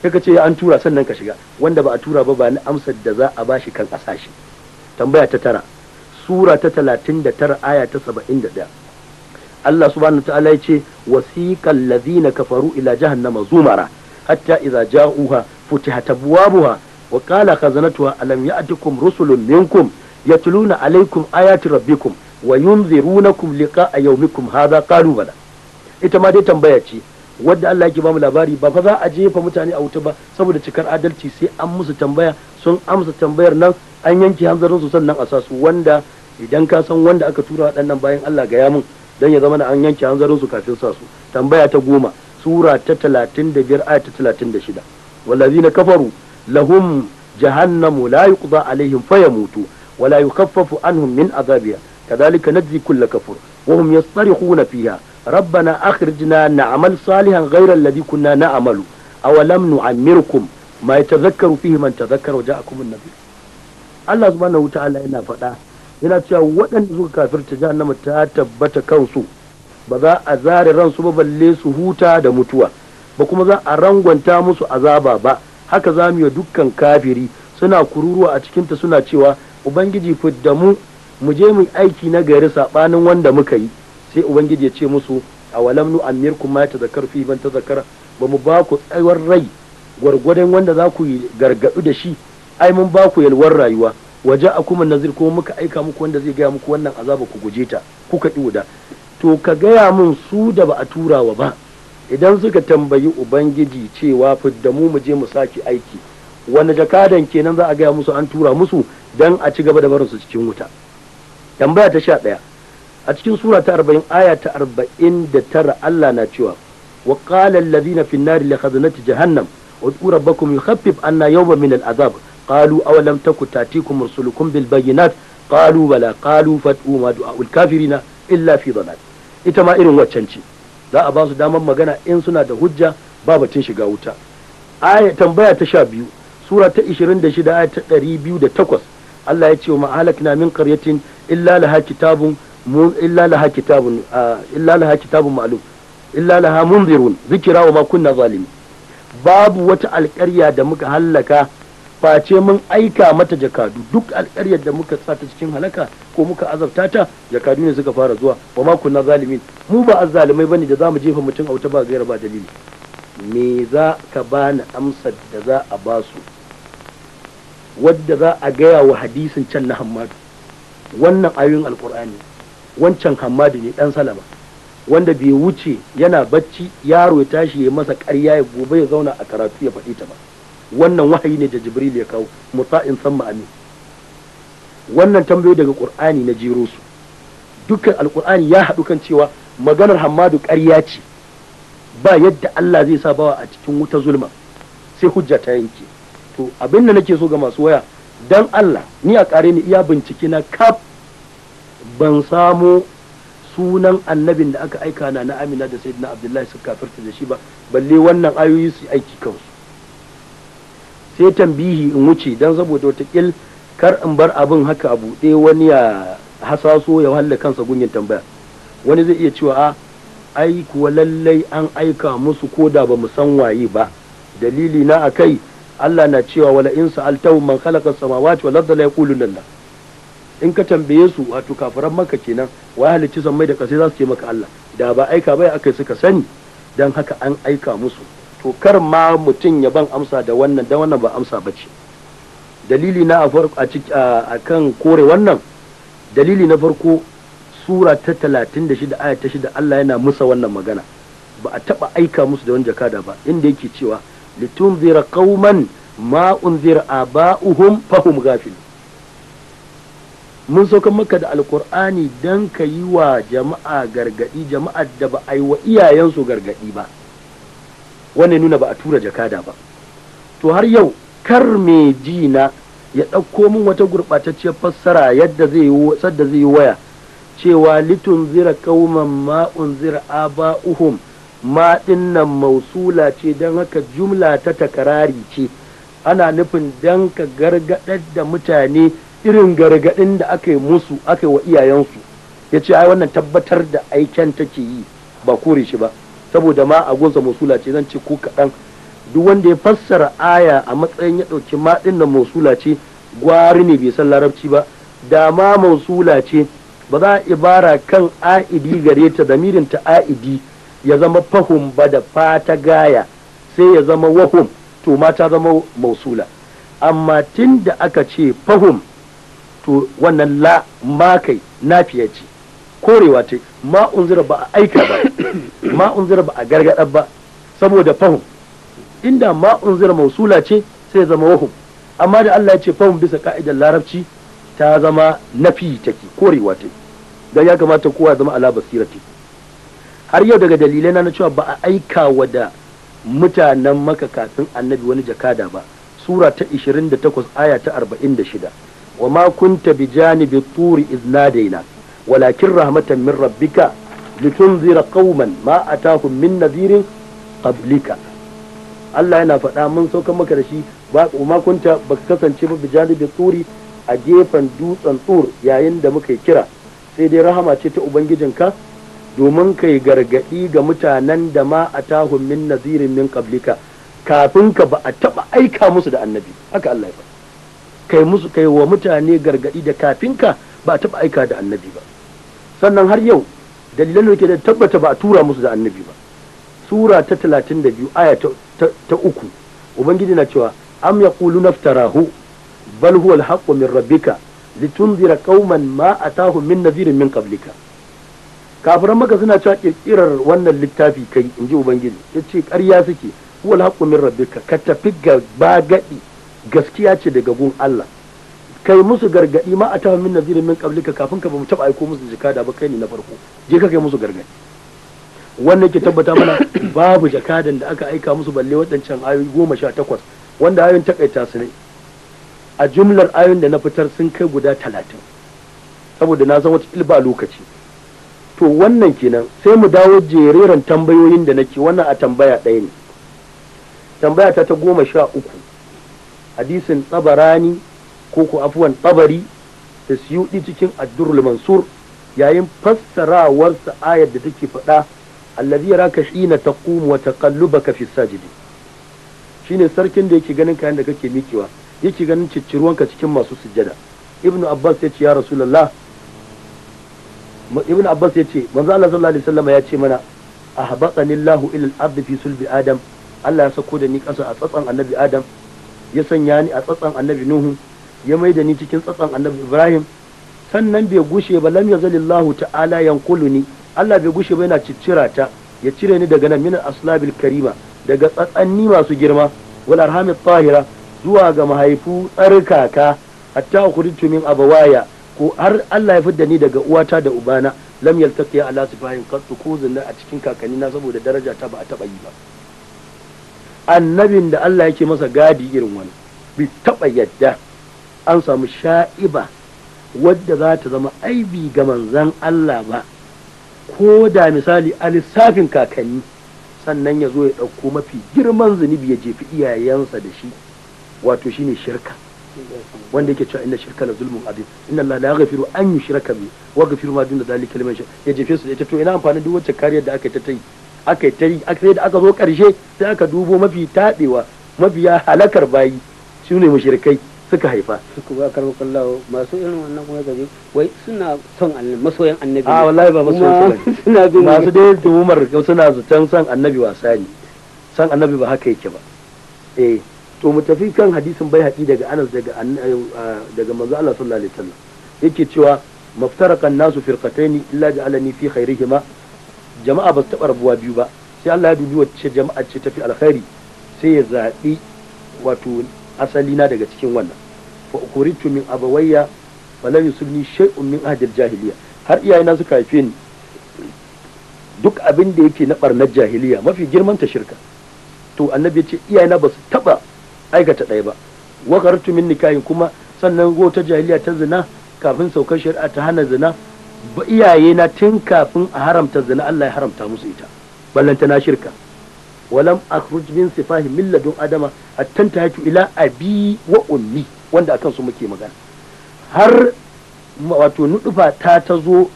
sai ka ce an tura sannan ka shiga wanda ba a tura ba ba ni amsar da za a bashi kan asashi tambaya ta tara sura ta talatin da tara aya ta saba'in da ɗaya Allah subhanahu wa ta'ala ya ce wasiqal ladina kafaru ila jahannama zumara hatta iza ja'uha futihat abwabuha wa qala khazanatuha alam ya'tikum rusulun minkum yatluna alaykum ayati rabbikum wa yunzirunakum liqa'a yawmikum hadha qalu bala ita ma dai tambaya ce wadda Allah yake bamu labari ba fa za a jefa mutane a wuta ba saboda cikar adalci sai an musu tambaya sun amsa tambayar nan an yanke hanzarin su sannan a sasu wanda idan ka san wanda aka tura waɗannan bayan Allah ga yamin dan ya zama an yanke hanzarin su kafin sasu tambaya ta goma sura ta talatin da biyar ta talatin da shida wallazi na kafaru lahum jahannamu la yuqda alaihim faya mutu wala yukaffafu anhum min azabiya kadhalika najzi kulla kafur wa hum yastarikhuna fiha rabbana akhrijna na'mal salihan ghayra alladhi kunna na'malu aw lam nu'ammirkum ma yatadhakkaru fihi man tadhakkara ja'akum an-nabi Allah subhanahu wa ta'ala yana faɗa yana cewa waɗanda suka kafirta jahannama ta tabbata kansu ba za a zare ransu ba balle su huta da mutuwa ba kuma za a rangwanta musu azaba ba haka za mu yi dukkan kafiri suna kururuwa a cikinta suna cewa ubangiji fidda mu mu je mu aiki na gari saɓanin wanda muka yi sai ubangiji ya ce musu a walam nu amirkum ma zakar fi ban zakara ba mu ba ku tsayuwar rai gwargwadon wanda za ku gargadu da shi ai mun ba ku yalwar rayuwa waje a kuma nazir kuma muka aika muku wanda zai gaya muku wannan azaba ku guje ta kuka ƙi wuda to ka gaya mun su da ba a turawa ba idan suka tambayi ubangiji cewa fidda mu mu je mu sake aiki wani jakadan kenan za a gaya musu an tura musu dan a ci gaba da barinsu cikin wuta tambaya ta sha ɗaya a cikin sura ta arba'in aya ta arba'in da tara Allah na cewa wa qala allazina fi an nar li khazanati jahannam ud'u rabbakum yukhaffif anna yawma min al-azab qalu aw lam taku tatikum rusulukum bil bayyinat qalu bala qalu fat'u ma du'a al-kafirina illa fi dhalal ita ma irin waccan ce za a ba su damar magana in suna da hujja ba batun shiga wuta aya tambaya ta sha biyu sura ta 26 aya ta 208 Allah ya ce wa ma'alakna min qaryatin illa laha kitabun illa laha kitabun illa laha kitabun ma'lum illa laha munzirun zikra wa ma kunna zalimin babu wata alƙarya da muka hallaka face mun aika mata jakadu duk alƙaryar da muka sa cikin halaka ko muka azabta ta jakadu ne suka fara zuwa wa ma kunna zalimin mu ba azzalimai bane da zamu jefa mutum auta ba gaira ba dalili me za ka bani amsar da za a su? wadda za a gaya wa hadisin can na hammadu wannan ayoyin alkur'ani wancan hammadu ne dan salama wanda bai wuce yana bacci yaro ya tashi ya masa ƙarya ya gobe ya zauna a karatu ya faɗi ta ba wannan wahayi ne da jibril ya kawo musa'in san ma'ami wannan tambayo daga qur'ani na jiro su dukkan alqur'ani ya haɗu kan cewa maganar hammadu ƙarya ce ba yadda Allah zai sa bawa a cikin wuta zulma sai hujja ta yanke to abin da nake so ga masu waya dan Allah ni a ƙare ni iya bincike na kaf ban samu sunan annabin da aka aika na na Amina da Sayyidina Abdullahi suka kafirta da shi ba balle wannan ayoyi su aiki kansu sai tambihi in wuce don saboda watakil kar in bar abin haka a buɗe wani ya hasaso ya wahala kansa gunyin tambaya wani zai iya cewa a ah, ai kuwa lallai an aika musu ko da ba mu san waye ba dalili na a kai Allah na cewa wala in sa'altahu man khalaqa samawati wal arda la yaquluna Allah in ka tambaye su wato kafiran maka kenan wa halicci sammai da kasai za su ce maka Allah da ba aika bai akai suka sani dan haka an aika musu to kar ma mutum ya ban amsa da wannan da wannan ba amsa ba ce dalili na a kan kore wannan dalili na farko sura ta talatin da shida aya ta shida Allah yana musa wannan magana ba a taɓa aika musu da wani jakada ba inda yake cewa litunzira kauman ma a aba'uhum fahum gafi. mun saukan maka da alkur'ani dan ka yi wa jama'a gargadi jama'a da ba a yi wa iyayensu gargadi ba wannan nuna ba a tura jakada ba to har yau kar mai ji na ya ɗauko min wata gurɓatacciyar fassara yadda zai yi sadda zai yi waya cewa litun zira kauman ma'un zira aba'uhum ma dinnan mausula ce don haka jumla ta takarari ce ana nufin don ka gargaɗar da mutane irin gargaɗin da aka yi musu aka yi wa iyayensu ya ce ai wannan tabbatar da aiken take yi ba kore shi ba saboda ma a gunsa musula ce zan ce ko kaɗan duk wanda ya fassara aya a matsayin ya ɗauki ma ɗin nan ce gwari ne bai san larabci ba da ma ce ba za a ibara kan a'idi gare ta damirin ta a'idi ya zama fahum ba da fata gaya sai ya zama wahum to ma ta zama mausula amma tun da aka ce fahum to wannan la makai nafiya ce korewa ce ma unzira ba a aika ba ma unzira ba a gargada ba saboda fahum inda ma unzira mausula ce sai zama wahum amma da Allah ya ce fahum bisa ka'idar larabci ta zama nafi take korewa ta dan ya kamata kowa zama ala basirati har yau daga dalilai na cewa ba a aika wa da mutanen maka kafin annabi wani jakada ba sura ta 28 aya ta 46 wa ma kunta bijanibi turi iznadaina walakin rahmatan min rabbika zira qauman ma atahum min nadhirin qablika Allah yana faɗa mun sauka maka da shi ba kuma kunta baka kasance ba bijanibi tsuri a gefen dutsen tsur yayin da muka yi kira sai dai rahama ce ta ubangijinka domin kai gargaɗi ga mutanen da ma atahum min nazirin min qablika kafin ka ba a taɓa aika musu da annabi haka Allah ya faɗa kai musu kai wa mutane gargaɗi da kafin ka ba a taɓa aika da annabi ba sannan har yau dalilan da ke da tabbata ba a tura musu da annabi ba sura ta biyu aya ta uku ubangiji na cewa am ya kulu naftarahu bal huwa alhaqqu min rabbika litunzira qauman ma atahum min nadhirin min qablika kafiran maka suna cewa kirkirar wannan littafi kai in inji ubangiji ce ƙarya suke huwa alhaqqu min rabbika ka tafi ga bagadi gaskiya ce daga gun Allah kai musu gargadi ma a min nazirin min kablika kafin ka ba mu taba aiko musu jakada ba kai ne na farko je ka kai musu gargadi wannan ke tabbata mana babu jakadan da aka aika musu balle waɗancan ayoyi goma sha takwas wanda ayoyin takaita su ne a jumlar ayoyin da na fitar sun kai guda talatin saboda na san wata ba lokaci to wannan kenan sai mu dawo jeriran tambayoyin da nake wannan a tambaya ɗaya ne tambaya ta ta goma sha uku hadisin tsabarani ko ku afuwan tabari da suyudi cikin addurul mansur yayin fassarawarsa ayar da take faɗa allazi yaraka shina taqum wa taqallubaka fi Shi shine sarkin da yake ganin kayan da kake mikewa yake ganin cicciruwanka cikin masu sujjada ibnu abbas ya ce ya rasulullah ibnu abbas ya ce manzo Allah sallallahu alaihi wasallam ya ce mana ahbatani Allah ila al ard fi sulbi adam Allah ya sako da ni kasa a tsatsan annabi adam ya sanya ni a tsatsan annabi nuhu ya mai da ni cikin tsatsan annabi ibrahim sannan bai gushe ba lam zalillahu ta'ala yankuluni Allah bai gushe ba yana ciccira ta ya cire ni daga nan min aslabil karima daga tsatsanni masu girma wal arhami tahira zuwa ga mahaifu tsarkaka hatta ukhrijtu min abawaya ko har Allah ya fidda ni daga uwata da ubana lam yaltaqiya ala sifahin qattu ko a cikin kakanni na saboda daraja ta ba a taba yi ba annabin da Allah yake masa gadi irin wani bi taba yadda an samu sha'iba wadda za ta zama aibi ga manzan Allah ba ko da misali a lissafin kakanni sannan ya zo ya ɗauko mafi girman zunubi ya jefi iyayensa da shi wato shine shirka wanda yake cewa inna shirka la zulmun azim inna Allah la yaghfiru an yushraka bi wa yaghfiru ma dun zalika liman ya jefe su ya to ina amfani duk wacce kariyar da aka yi ta aka yi ta sai da aka zo karshe sai aka dubo mafi tadewa mafiya halakar bayi shine mushrikai suka haifa suka ba karbo kallawo masu irin wannan kuma gaji wai suna son annabi masoyan annabi a ah, wallahi ba masoyan suna masu masu dai tuhumar suna zutan son annabi wasa ne son annabi ba haka yake ba eh to mu tafi kan hadisin bai haƙi daga Anas daga eh, ah, daga manzo Allah sallallahu alaihi wasallam yake cewa maftarakan nasu firqataini illa ja'alani fi khairihima jama'a ba su taɓa rabuwa biyu ba sai Allah ya dubi wacce jama'a ce tafi alkhairi sai ya zaɓi wato asali na daga cikin wannan fa ukuritu min abawayya lam yusibni shay'un min ahdil jahiliya har iyayena suka haife ni duk abin da yake na barnar jahiliya mafi girman ta shirka to annabi ya ce iyayena ba su taba aikata ɗaya ba wa qartu min nikahin kuma sannan go ta jahiliya ta zina kafin saukar shari'a ta hana zina ba iyayena tun kafin a haramta zina Allah ya haramta musu ita ballanta na shirka walam akhruj min sifahi min ladun adama attanta hatu ila abi wa ummi wanda akan su muke magana har wato nudufa ta tazo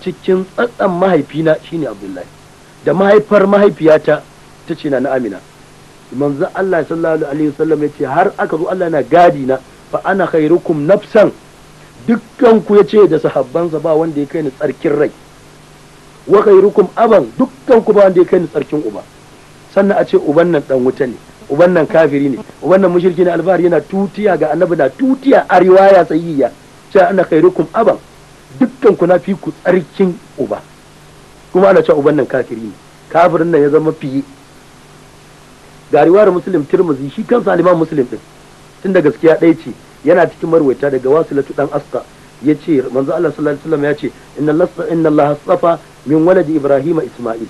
cikin tsatsan mahaifina shine abdullahi da mahaifar mahaifiyata ta ce na amina manzo Allah sallallahu alaihi wasallam ya ce har aka zo Allah na gadi na fa ana khairukum nafsan dukkan ku yace da sahabbansa ba wanda ya kai ni tsarkin rai wa khairukum aban dukkan ku ba wanda ya kai ni tsarkin uba sannan a ce uban nan dan wuta ne uban nan kafiri ne uban nan mushriki ne alfahari yana tutiya ga annabi na tutiya a riwaya sayyiya sai ana khairukum aban dukkan ku na fi ku tsarkin uba kuma ana cewa uban nan kafiri ne kafirin nan ya zama fiye ga riwayar muslim tirmizi shi kansa al muslim din da gaskiya ɗaya ce yana cikin marwaita daga wasilatu dan ya yace manzo Allah sallallahu alaihi wasallam ce inna Allah inna Allah safa min waladi ibrahima isma'il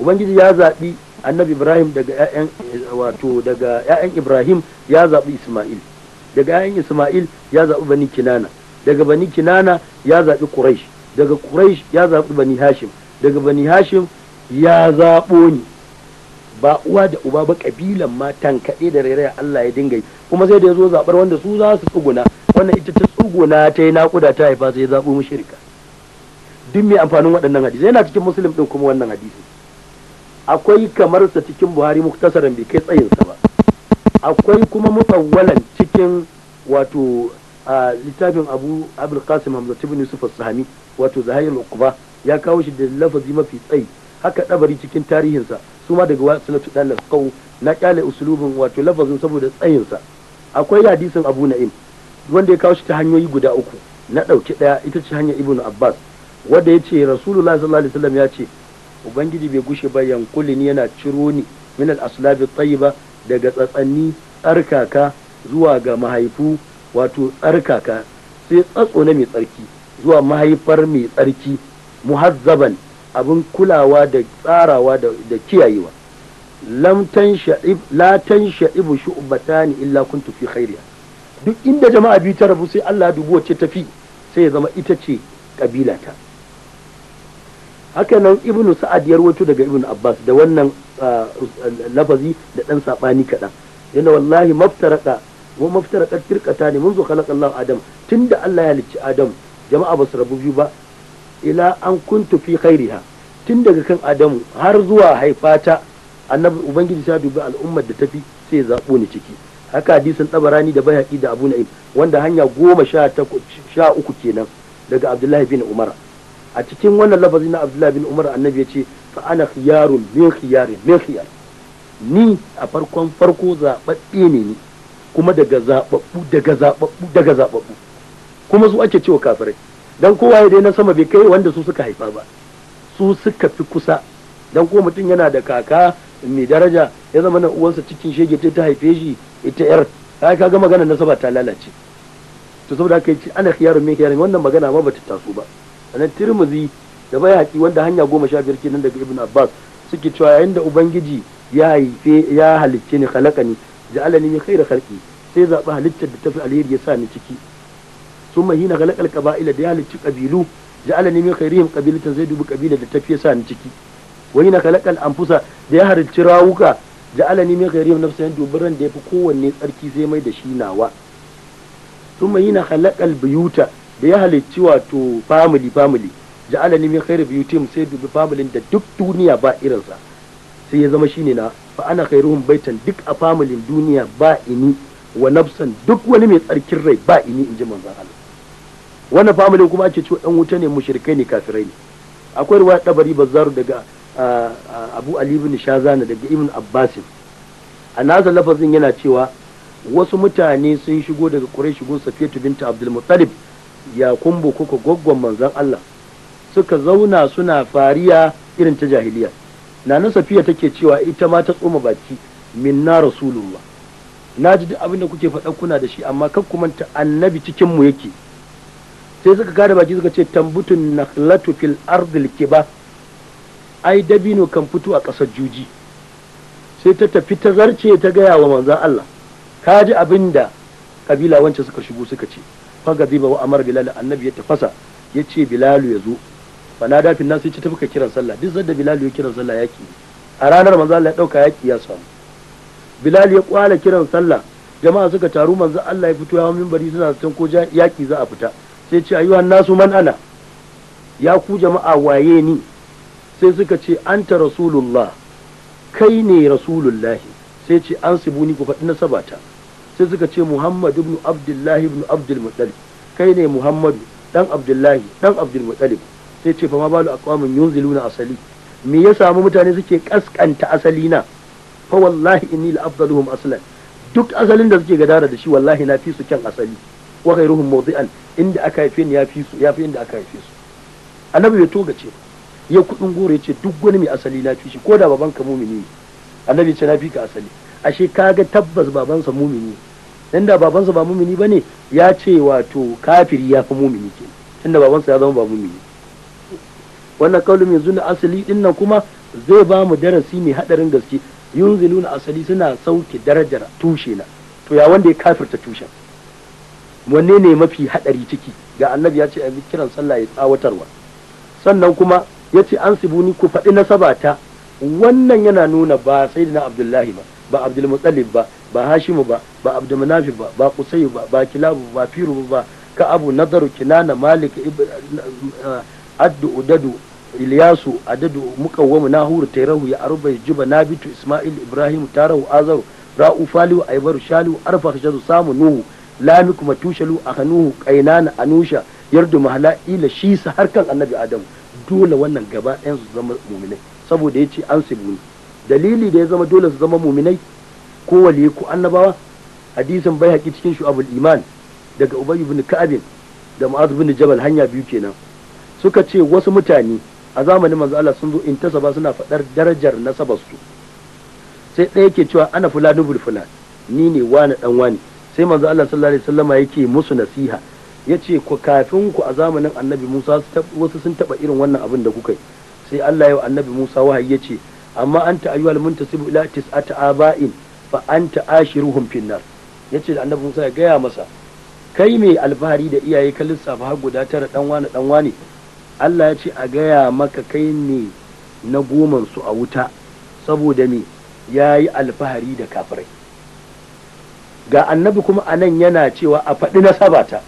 ubangiji ya zaɓi. annabi ibrahim daga ƴaƴan wato daga yayan ibrahim ya zaɓi isma'il daga ƴaƴan isma'il ya zaɓi bani kinana daga bani kinana ya zaɓi quraish daga quraish ya zaɓi bani hashim daga bani hashim ya zaɓo ni ba uwa da uba ba kabilan matan kaɗe da rairaya Allah ya dinga yi kuma sai da ya zo zaɓar wanda su za su tsuguna wannan ita ta tsuguna ta yi naƙuda ta haifa sai ya zaɓo mushrika duk mai amfanin waɗannan hadisi yana cikin musulun ɗin kuma wannan hadisi akwai kamar sa cikin buhari muktasaran bai kai tsayinsa ba akwai kuma mutawwalan cikin wato a littafin abu abul qasim hamza tibin yusuf sahami wato zahirul uqba ya kawo shi da lafazi mafi tsayi haka dabari cikin tarihinsa su ma daga wasilatu dalal qaw na kyale usulubin wato lafazin saboda tsayinsa akwai hadisin abu na'im wanda ya kawo shi ta hanyoyi guda uku na ɗauki ɗaya ita ce hanyar ibnu abbas wanda ya ce rasulullahi sallallahu alaihi wasallam ya ce ubangiji bai gushe ba yankulin yana ciro ni min al-aslabi ba daga tsatsanni tsarkaka zuwa ga mahaifu wato tsarkaka sai tsatso na mai tsarki zuwa mahaifar mai tsarki muhazzaban abin kulawa da tsarawa da kiyayewa lam tansha'ib la tansha'ibu illa kun tafi khairiya duk inda jama'a biyu ta rabu sai Allah dubu wacce tafi sai ya zama ita ce kabila ta haka nan ibnu sa'ad ya rawaito daga ibnu abbas da wannan ah, lafazi da dan sabani kaɗan yana wallahi maftaraka wa maftaraka firqata ne munzu khalaqa Allah adam tunda Allah ya halicci adam jama'a basu rabu biyu ba ila an kuntu fi khairiha tun daga kan adamu har zuwa haifata annabi ubangiji ta dubi al'ummar da tafi sai ya zabo ni ciki haka hadisin tabarani da bayhaqi da abu na'im wanda hanya goma sha uku kenan daga abdullahi bin umar a cikin wannan lafazi na abdullahi bin umar annabi ya ce fa ana khiyarun min khiyarin min khiyar ni a farkon farko zaɓaɓɓe ne ni kuma daga zaɓaɓɓu daga zaɓaɓɓu daga zaɓaɓɓu kuma su ake cewa kafirai dan kowa ya dai na sama bai kai wanda su suka haifa ba su suka fi kusa dan ko mutum yana da kaka mai daraja ya zama na uwansa cikin shege ta haife shi ita yar ai kaga magana nasaba ta lalace to saboda haka yace ana khiyarun min khiyarin wannan magana ma bata taso ba sannan tirmizi da bayhaqi wanda hanya goma sha biyar kenan daga ibn abbas suke cewa yayin da ubangiji ya haife ya halicce ni ni ja'alani min khairu khalqi sai zaɓi halittar da tafi alheri ya sa ni ciki sun hina galakal kaba'ila da ya halicci kabilu ja'ala ne min khairihim qabilatan zai dubi kabila da tafi ya sa ni ciki wani na kalakal anfusa da ya halicci rawuka ja'ala ne min khairihim nafsan dubi ran da yafi kowanne tsarki sai mai da shi nawa sun mahina kalakal buyuta da ya halicci wato family family ja'ala ni min khairu biyutim sai dubi family da duk duniya ba irinsa sai ya zama shine na fa ana khairuhum baitan duk a family duniya ba ini wa nafsan duk wani mai tsarkin rai ba ini in ji manzon Allah wannan family kuma ake cewa dan wuta ne mushrikai ne kafirai ne akwai ruwa dabari bazaru daga Abu Ali ibn Shazana daga Ibn Abbasin a lafazin yana cewa wasu mutane sun shigo daga Quraysh shigo Safiyatu binta Abdul Muttalib ya kumbu kuka gwaggwan manzon Allah suka zauna suna fariya irin ta jahiliya nana safiya take cewa ita ma ta tsoma baki minna rasulullah na ji duk abin da kuke faɗa kuna da shi amma kan ku manta annabi cikin mu yake sai suka kada baki suka ce tambutun nakhlatu fil ardil kiba ai dabino kan fito a ƙasar juji sai ta tafi ta zarce ta gaya wa manzon Allah ka ji abin da kabila wance suka shigo suka ce fagadiba wa amar bilal annabi ya tafasa ya ce Bilal ya zo fana dafin nan sai ci tafuka kiran sallah duk zadda Bilal ya kiran sallah yaki a ranar manzo Allah ya dauka yaki ya samu bilal ya kwala kiran sallah jama'a suka taru manzo Allah ya fito ya minbari suna san ko yaki za a fita sai ce ayyuhan nasu man ana ya ku jama'a waye ni sai suka ce anta rasulullah kai ne rasulullahi sai ce an sibuni ku faɗi sabata sai suka ce muhammad ibn abdullahi ibn abdul muttalib kai ne muhammadu dan abdullahi dan abdul muttalib sai ce fa ma balu aqwamun yunziluna asali me ya samu mutane suke kaskanta asali na fa wallahi inni la afdaluhum aslan duk asalin da suke gadara da shi wallahi na fi su kyan asali wa ghayruhum mawdi'an inda aka haife ni ya fi su ya fi inda aka haife su annabi ya toga ce ya kudin goro ya ce duk wani mai asali na fi shi ko da baban ka mumini ne annabi ya ce na fi ka asali ashe kaga tabbas babansa mumini dan da babansa ba mumini bane ya ce wato kafiri ya fi mumini ke tunda babansa ya zama ba mumini wannan kaulu yanzu na asali din kuma zai ba mu darasi mai hadarin gaske yunziluna asali suna sauke darajar tushe na to ya wanda ya kafirta tushen wanne ne mafi hadari ciki ga annabi ya ce a kiran sallah ya tsawatarwa sannan kuma ya ce an sibuni ku faɗi nasaba ta wannan yana nuna ba sai na abdullahi ba ba abdul ba ba hashimu ba ba abdul munafi ba ba kusayu ba ba kilabu ba firu ba ka abu nazaru kinana malik uh, addu udadu ilyasu adadu mukawwamu nahuru tairahu ya arba juba nabitu isma'il ibrahim tarahu azaru ra'u faliu aibaru shaliu arfa hajjazu samu nuhu lami kuma tushalu a hanuhu kainana anusha yardu mahala ila shisa harkan annabi adamu dole wannan gaba ɗayan su zama muminai saboda ya ce an sibuni dalili da ya zama dole su zama muminai ko ko annabawa hadisin bai haƙi cikin shu'abul iman daga ubay ibn ka'ab da mu'az ibn jabal hanya biyu kenan suka ce wasu mutane a zamanin manzo Allah sun zo intasaba suna fadar darajar nasabarsu sai ɗaya yake cewa ana fulani bul fulan ni ne wani dan wani sai manzo Allah sallallahu alaihi wasallama yake musu nasiha yace ku kafin ku a zamanin annabi Musa wasu sun taba irin wannan abin da kuka yi sai Allah ya annabi Musa wahayi yace ce amma anta ayyuhal muntasibu ila tis'ata aba'in fa anta ashiruhum finnar yace da annabi Musa ya gaya masa kai me alfahari da iyaye ka lissafa har guda tara dan wani dan wani Allah ya ce a gaya maka kai ne na goman su a wuta saboda me yayi alfahari da kafirai ga annabi kuma anan yana cewa a faɗi na sabata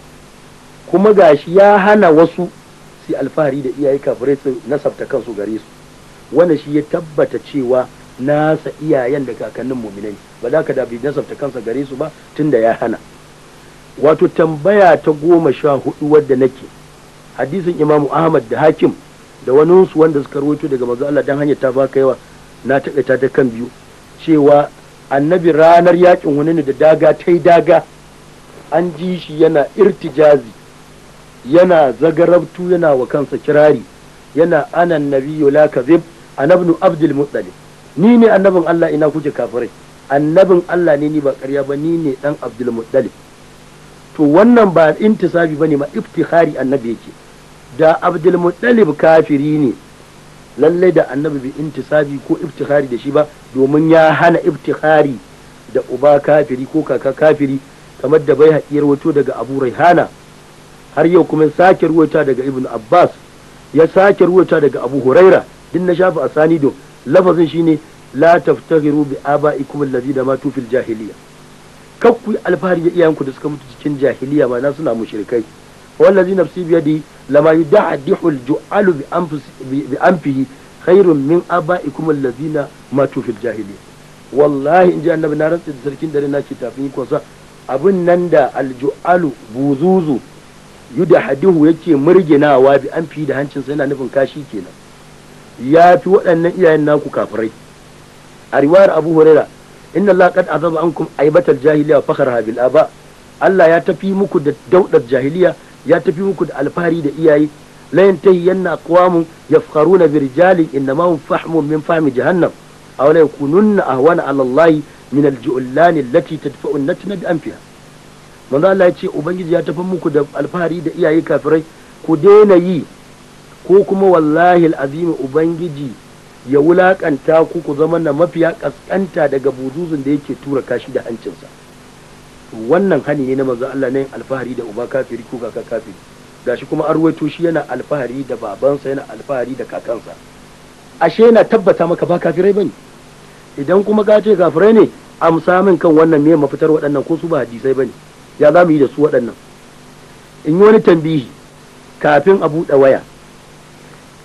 kuma gashi ya hana wasu su alfahari da iyaye kafirai su nasabta kansu gare su wanda shi ya tabbata cewa nasa iyayen da kakannin muminai ba za ka da bi nasabta kansa gare su ba tun da ya hana wato tambaya ta goma sha hudu wadda nake hadisin imamu ahmad da hakim da wani su wanda suka rawaito daga manzo Allah dan hanyar ta baka yawa na takaita ta kan biyu cewa annabi ranar yakin wani ne da daga ta yi daga an ji shi yana irtijazi yana zagarabtu yana wa kansa kirari yana anan nabiyyu la kazib anabnu abdul mutsali ni ne annabin Allah ina kuke kafirai annabin Allah ne ni ba ƙarya ba ni ne dan abdul mutsali to wannan ba intisabi bane ma iftihari annabi yake da abdul muttalib kafiri ne lallai da annabi bai intisabi ko iftihari da shi ba domin ya hana iftihari da uba kafiri ko kaka kafiri kamar da bai haƙiyar wato daga abu raihana har yau kuma sake ruwata daga ibn abbas ya sake ruwata daga abu huraira din na shafi a do lafazin shine la taftahiru bi aba'ikum da matu fil jahiliya kakku alfahari da iyayenku da suka mutu cikin jahiliya ma na suna mushrikai wallazi nafsi biyadi lama yudahdihu ju'alu bi anfusi bi anfihi khairun min aba'ikum na matu fil jahiliya wallahi in ji annabi na rantsa da sarkin dare na ce tafin yi abin nan da alju'alu buzuzu yuda hadihu yake murginawa bi an da hancinsa yana nufin kashi kenan ya fi waɗannan iyayen naku kafirai a riwayar abu huraira inna allah qad azaba ankum aibatal jahiliya fakhar habil aba allah ya tafi muku da daudar jahiliya ya tafi muku da alfahari da iyaye la fi aqwamun na bi rijali innama hum fahmun min fahmi jahannam aw la yakununna ahwana ala allah min aljullani allati tadfa'u natna bi anfiha manzo allah ya ce ubangiji ya tafi muku da alfahari da iyaye kafirai ku daina yi ko kuma wallahi azimi ubangiji ya wulaƙanta ku ku zama na mafiya kaskanta daga buzuzun da yake tura kashi da hancinsa wannan hani ne na mazu Allah na yin alfahari da uba kafiri ko kaka kafiri gashi kuma Arwaito shi yana alfahari da babansa yana alfahari da kakansa ashe yana tabbata maka ba kafirai bane idan kuma ka ce kafirai ne amsa min kan wannan me mafitar waɗannan ko su ba hadisai bane ya za mu yi da su waɗannan in yi wani tambihi kafin a buɗe waya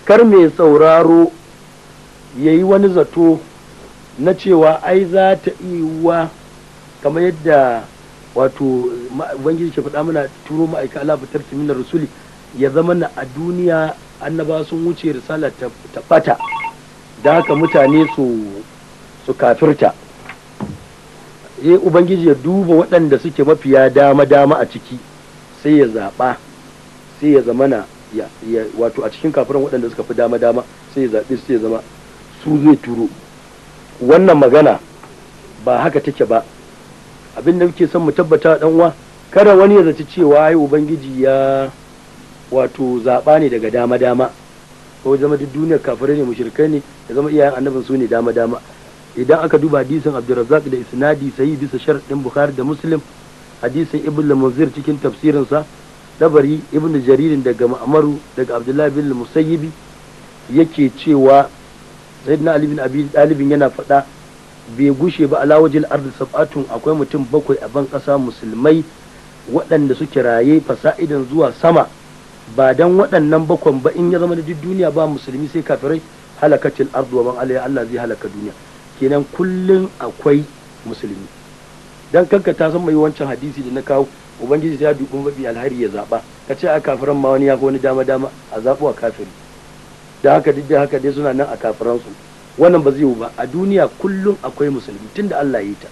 kar mai sauraro ya yi wani zato na cewa ai za ta iya kamar yadda wato ubangiji ke faɗa mana turo ma'aika ala fitar minar rasuli ya zama na a duniya annaba sun wuce risala ta bata da haka mutane su kafirta ya ubangiji ya duba waɗanda suke mafiya dama dama a ciki sai ya zaɓa sai ya zamana ya wato a cikin kafiran waɗanda suka fi dama dama sai zaɓe zaɓi sai zama su zai turo wannan magana ba haka take ba abin da muke son mu tabbata dan uwa kada wani ya zaci cewa ai ubangiji ya wato zaɓa ne daga dama dama ko zama duk duniyar kafirai ne mushrikai ne ya zama iyayen annabin su ne dama dama idan aka duba hadisin Abdurrazzaq da isnadi sayi bisa sharadin Bukhari da Muslim hadisin Ibn Munzir cikin tafsirinsa sa dabari ibnu jaririn daga ma'amaru daga abdullahi bin musayyibi yake cewa zai ali bin abi yana faɗa bai gushe ba alawajin ardi sab'atun akwai mutum bakwai a ban kasa musulmai waɗanda suke raye fasa'idan zuwa sama ba dan waɗannan bakwan ba in ya zama da duniya ba musulmi sai kafirai halakacin ardu wa man alayya Allah zai halaka duniya kenan kullum akwai musulmi dan kanka ta san mai wancan hadisi da na kawo ubangiji ta dubi mabi alhari ya zaba ka ce a kafiran ma wani ya fi wani dama dama a zaɓo a kafiri da haka duk da haka dai suna nan a su wannan ba zai yiwu ba a duniya kullum akwai musulmi tun da Allah ya yi ta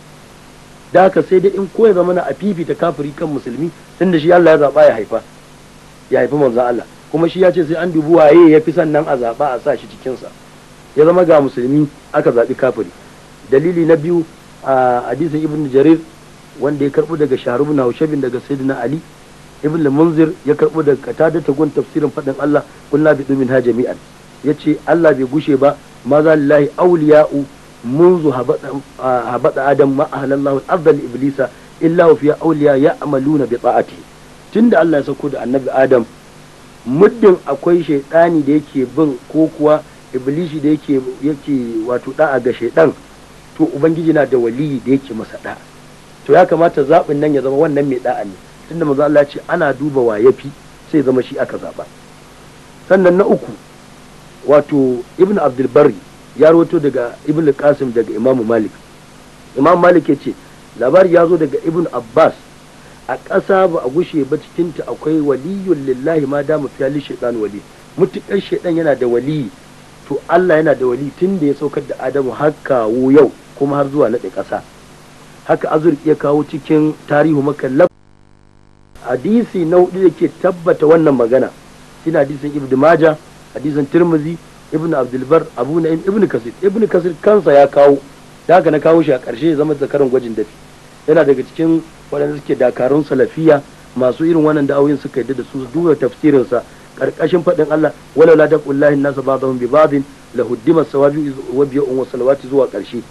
da haka sai dai in ko ya zama na a fifita kafiri kan musulmi tun da shi Allah ya zaba ya haifa ya haifi manzo Allah kuma shi ya ce sai an dubi waye ya fi sannan a zaba a sa shi cikin sa ya zama ga musulmi aka zabi kafiri dalili na biyu a hadisin ibnu jarir wanda ya karbo daga shahrubun bin daga sayyidina ali ibn munzir ya karbo daga katada ta gwanta tafsirin fadin Allah kunna bi dumin ha jami'an ce Allah bai gushe ba ma za lillahi awliya'u منذ iblisa illa ما أهل الله الأرض لإبليس إلا na أولياء يعملون بطاعته tunda Allah ya sauko da annabi Adam muddin akwai shaidani da yake bin ko kuwa iblishi da yake wato a ga shaidan to ubangiji na da waliyi da yake masa da'a to ya kamata zaɓin nan ya zama wannan mai da'a ne tunda maza Allah ce ana duba wa yafi sai zama shi aka zaɓa sannan na uku wato ibn abdul ya rawato daga ibn qasim daga Imamu malik imam malik ya ce labari ya zo daga ibn abbas a ƙasa ba a gushe ba cikin ta akwai waliyun lillahi ma damu fiyali shaitan wali mutukar shaitan yana da wali to allah yana da wali tun da ya saukar da adamu har kawo yau kuma har zuwa naɗe ƙasa haka azur ya kawo cikin tarihu makalla hadisi na hudu da ke tabbata wannan magana shine hadisin ibn maja hadisin tirmizi ibn abdulbar abu na'im ibn kasir ibn kasir kansa ya kawo da haka na kawo shi a karshe ya zama zakaran gwajin dafi yana daga cikin waɗanda suke dakarun salafiya masu irin wannan da'awoyin suka yadda da su duba sa karkashin faɗin Allah wala la daqullahi nasa ba ba'dahum bi ba'd sawabi wa bi'un wa salawati zuwa karshe.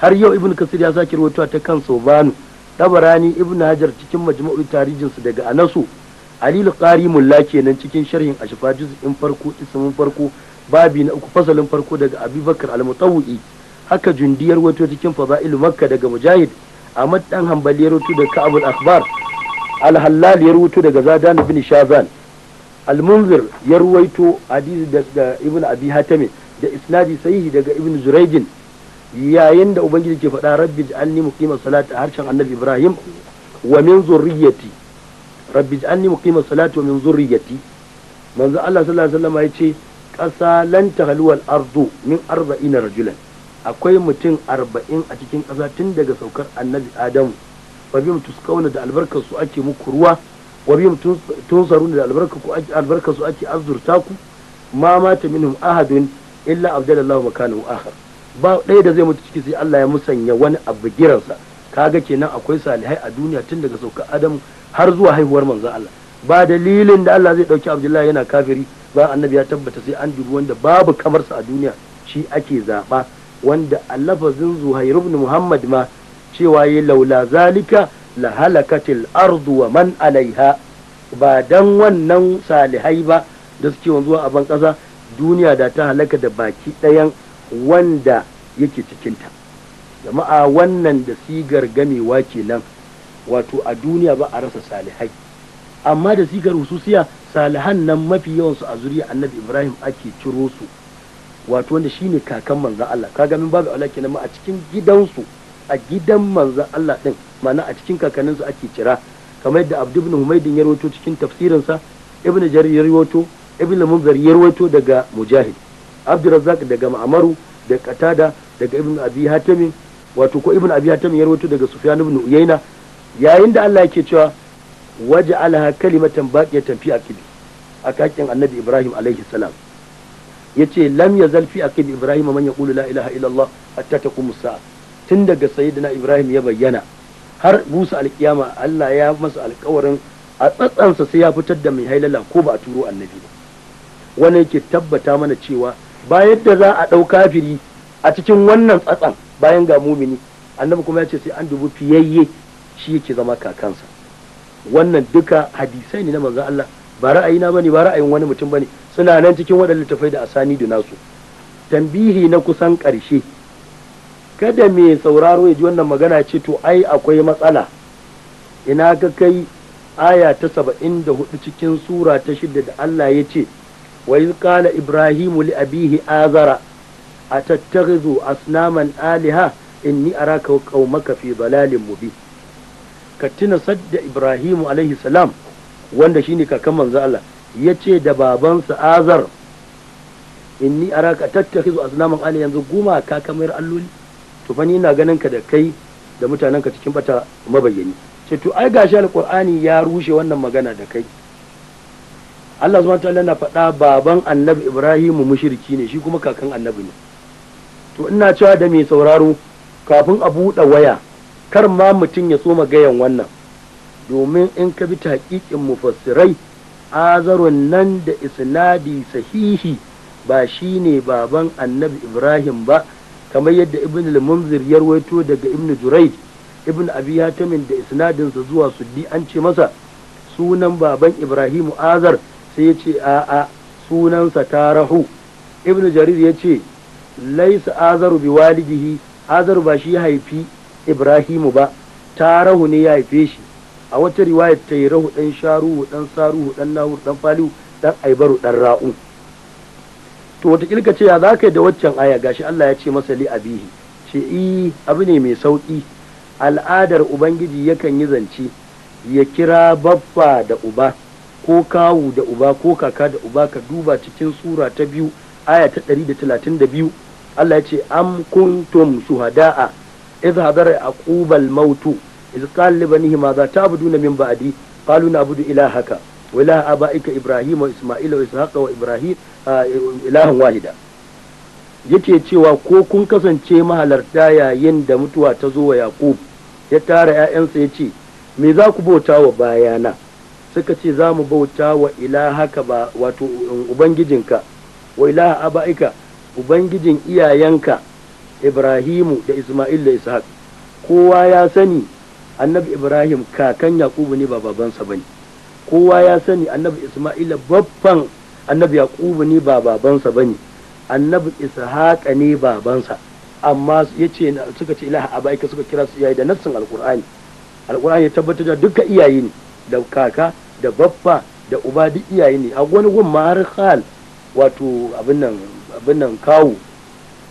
har yau ibn kasir ya sake rawaitowa ta kan sobanu tabarani ibn hajar cikin tarijin tarijinsu daga anasu alil qari mulla kenan cikin sharhin ashfa in farko ismin farko babi na uku fasalin farko daga abubakar al-mutawwi haka jundiyar wato cikin fada'il makka daga mujahid ahmad dan hanbali ya da ka'ab al-akhbar al-hallal ya daga zadan ibn shazan al-munzir ya ruwaito hadisi daga ibn abi hatami da isnadi sahihi daga ibn zuraijin yayin da ubangiji ke faɗa rabbi ja'alni muqima salati harshen annabi ibrahim wa min zurriyyati rabbi ja'alni muqima salati wa min zurriyyati manzo Allah sallallahu alaihi wasallam ya ce ƙasa lan tahluwal ardu min arba'ina rajulan akwai mutum arba'in a cikin ƙasa tun daga saukar annabi adamu wa bihim tusqawna da albarkar su ake muku ruwa wa bihim tunsaruna da albarkar ku albarkar su ake azurta ku ma mata minhum ahadun illa abdallahu makanu akhar ba ɗaya da zai mutu ciki sai Allah ya musanya wani abu giransa kaga kenan akwai salihai a duniya tun daga sauka adam har zuwa haihuwar manza Allah ba dalilin da Allah zai ɗauki Abdullahi yana kafiri ba annabi ya tabbata sai an dubi wanda babu kamar sa a duniya shi ake zaba wanda alafazin Zuhair ibn Muhammad ma cewa ya laula zalika la halakatil ardu wa man alaiha ba dan wannan salihai ba da suke wanzuwa a ban kasa duniya da ta halaka da baki ɗayan wanda yake cikinta jama'a wannan da sigar gamewa kenan wato a duniya ba a rasa salihai amma da sigar hususiya salihan nan mafi yawansu a zuriya annabi ibrahim ake ciro su wato wanda shine kakan manzan Allah kaga min babu aula kenan ma a cikin gidansu a gidan manzan Allah din ma'ana a cikin kakanninsu ake cira kamar yadda abdu ibn humaydin ya rawaito cikin tafsirinsa ibn jarir ya rawaito ibn munzir ya rawaito daga mujahid abdurrazzaq daga ma'amaru da qatada daga ibn abi hatami wato ko ibn abi hatami ya rawaito daga sufyan ibn uyayna yayin da Allah yake cewa waj'alha kalimatan baqiyatan fi aqibi akakin annabi ibrahim alaihi salam yace lam yazal fi aqibi ibrahim man yaqulu la ilaha allah hatta taqum sa'a tun daga sayyidina ibrahim ya bayyana har busa alkiyama Allah ya masa alkawarin a tsatsansa sai ya fitar da mai hailala ko ba a turo annabi ba wannan yake tabbata mana cewa ba yadda za a ɗau kafiri a cikin wannan tsatsan bayan ga mumini annabi kuma ya ce sai an dubu fiyayye shi yake zama kakansa wannan duka hadisai ne na manzon Allah ba ra'ayina bane ba ra'ayin wani mutum bane suna nan cikin waɗannan littafai da asani da nasu tambihi na kusan ƙarshe kada me sauraro ya ji wannan magana ce to ai akwai matsala ina ka kai aya ta saba'in da hudu cikin sura ta shidda da Allah ya ce wa iz qala ibrahimu li abihi azara atattakhidhu asnaman aliha inni araka qaumaka fi dalalin mubin ka tuna sadda ibrahimu alaihi salam wanda shine kakan manzo Allah yace da babansa azar inni araka tattakhidhu asnaman aliha yanzu guma ka kamar alloli to fa ni ina ganin ka da kai da mutanenka cikin bata mabayyani ce to ai gashi alqur'ani ya rushe wannan magana da kai Allah subhanahu wataala yana faɗa baban annabi Ibrahimu mushriki ne shi kuma kakan annabi ne to ina cewa da mai sauraro kafin a buɗe waya kar ma mutum ya soma gayan wannan domin in ka bi taƙiƙin mufassirai azarun nan da isnadi sahihi ba shi ne baban annabi ibrahim ba kamar yadda ibn al-munzir ya rawaito daga ibn juraid ibn abi da isnadinsa zuwa suddi an ce masa sunan baban ibrahim azar sai ya ce a'a sunansa ta rahu ibn jarir ya ce laisa azaru bi walidihi azaru ba shi haifi ibrahimu ba ta rahu ne ya haife shi a wata riwaya ta yi rahu dan sharuhu dan saruhu dan nahu dan faliu dan aibaru dan ra'u to wata kilka ce ya za ka yi da waccan aya gashi Allah ya ce masa li abihi ce i eh, abu ne mai sauki al'adar ubangiji yakan yi zance ya kira babba da uba ko kawu da uba ko kaka da uba ka duba cikin sura ta biyu aya ta 132 Allah ya ce am kuntum shuhada'a idh hadara aqubal mautu idh qala li banihi ma za ta'buduna min ba'di qalu na'budu ilahaka wa ilaha abaika ibrahim wa isma'ila wa ishaqa wa ibrahim ilahan wahida yake cewa ko kun kasance mahalarta yayin da mutuwa ta zo wa yaqub ya tara 'ya'yansa ya ce me za ku bauta wa bayana suka ce za mu bauta wa ilahaka ba wato ubangijinka wa ilaha aba'ika ubangijin iyayenka ibrahimu da isma'il da ishaq kowa ya sani annabi ibrahim kakan yakubu ne ba babansa bane kowa ya sani annabi isma'il babban annabi yakubu ne ba babansa bane annabi ishaq ne babansa amma yace suka ce ilaha aba'ika suka kira su iyaye da nassin alqur'ani alqur'ani ya tabbatar da duka iyaye ne da kaka da baffa da uba duk iyaye ne a wani gun ma har hal wato abin nan kawo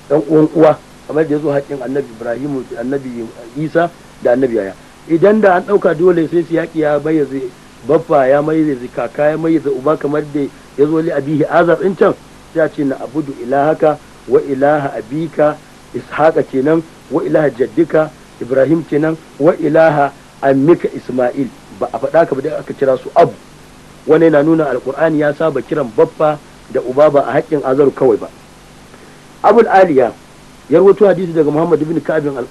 dan uwan uwa kamar da ya zo haƙƙin annabi ibrahim annabi isa da annabi yaya idan da an ɗauka dole sai su yaƙi ya bayyaza baffa ya mayyaza kaka ya mai mayyaza uba kamar da ya zo li abihi azar in can sai a ce na abudu ilahaka wa ilaha abika ishaqa kenan wa ilaha jaddika ibrahim kenan wa ilaha amika isma'il ba a faɗa ka ba dai aka kira su abu wani yana nuna alkur'ani ya saba kiran baffa da uba ba a haƙƙin azaru kawai ba abul aliya ya rawaito hadisi daga muhammad ibn ka'abin ya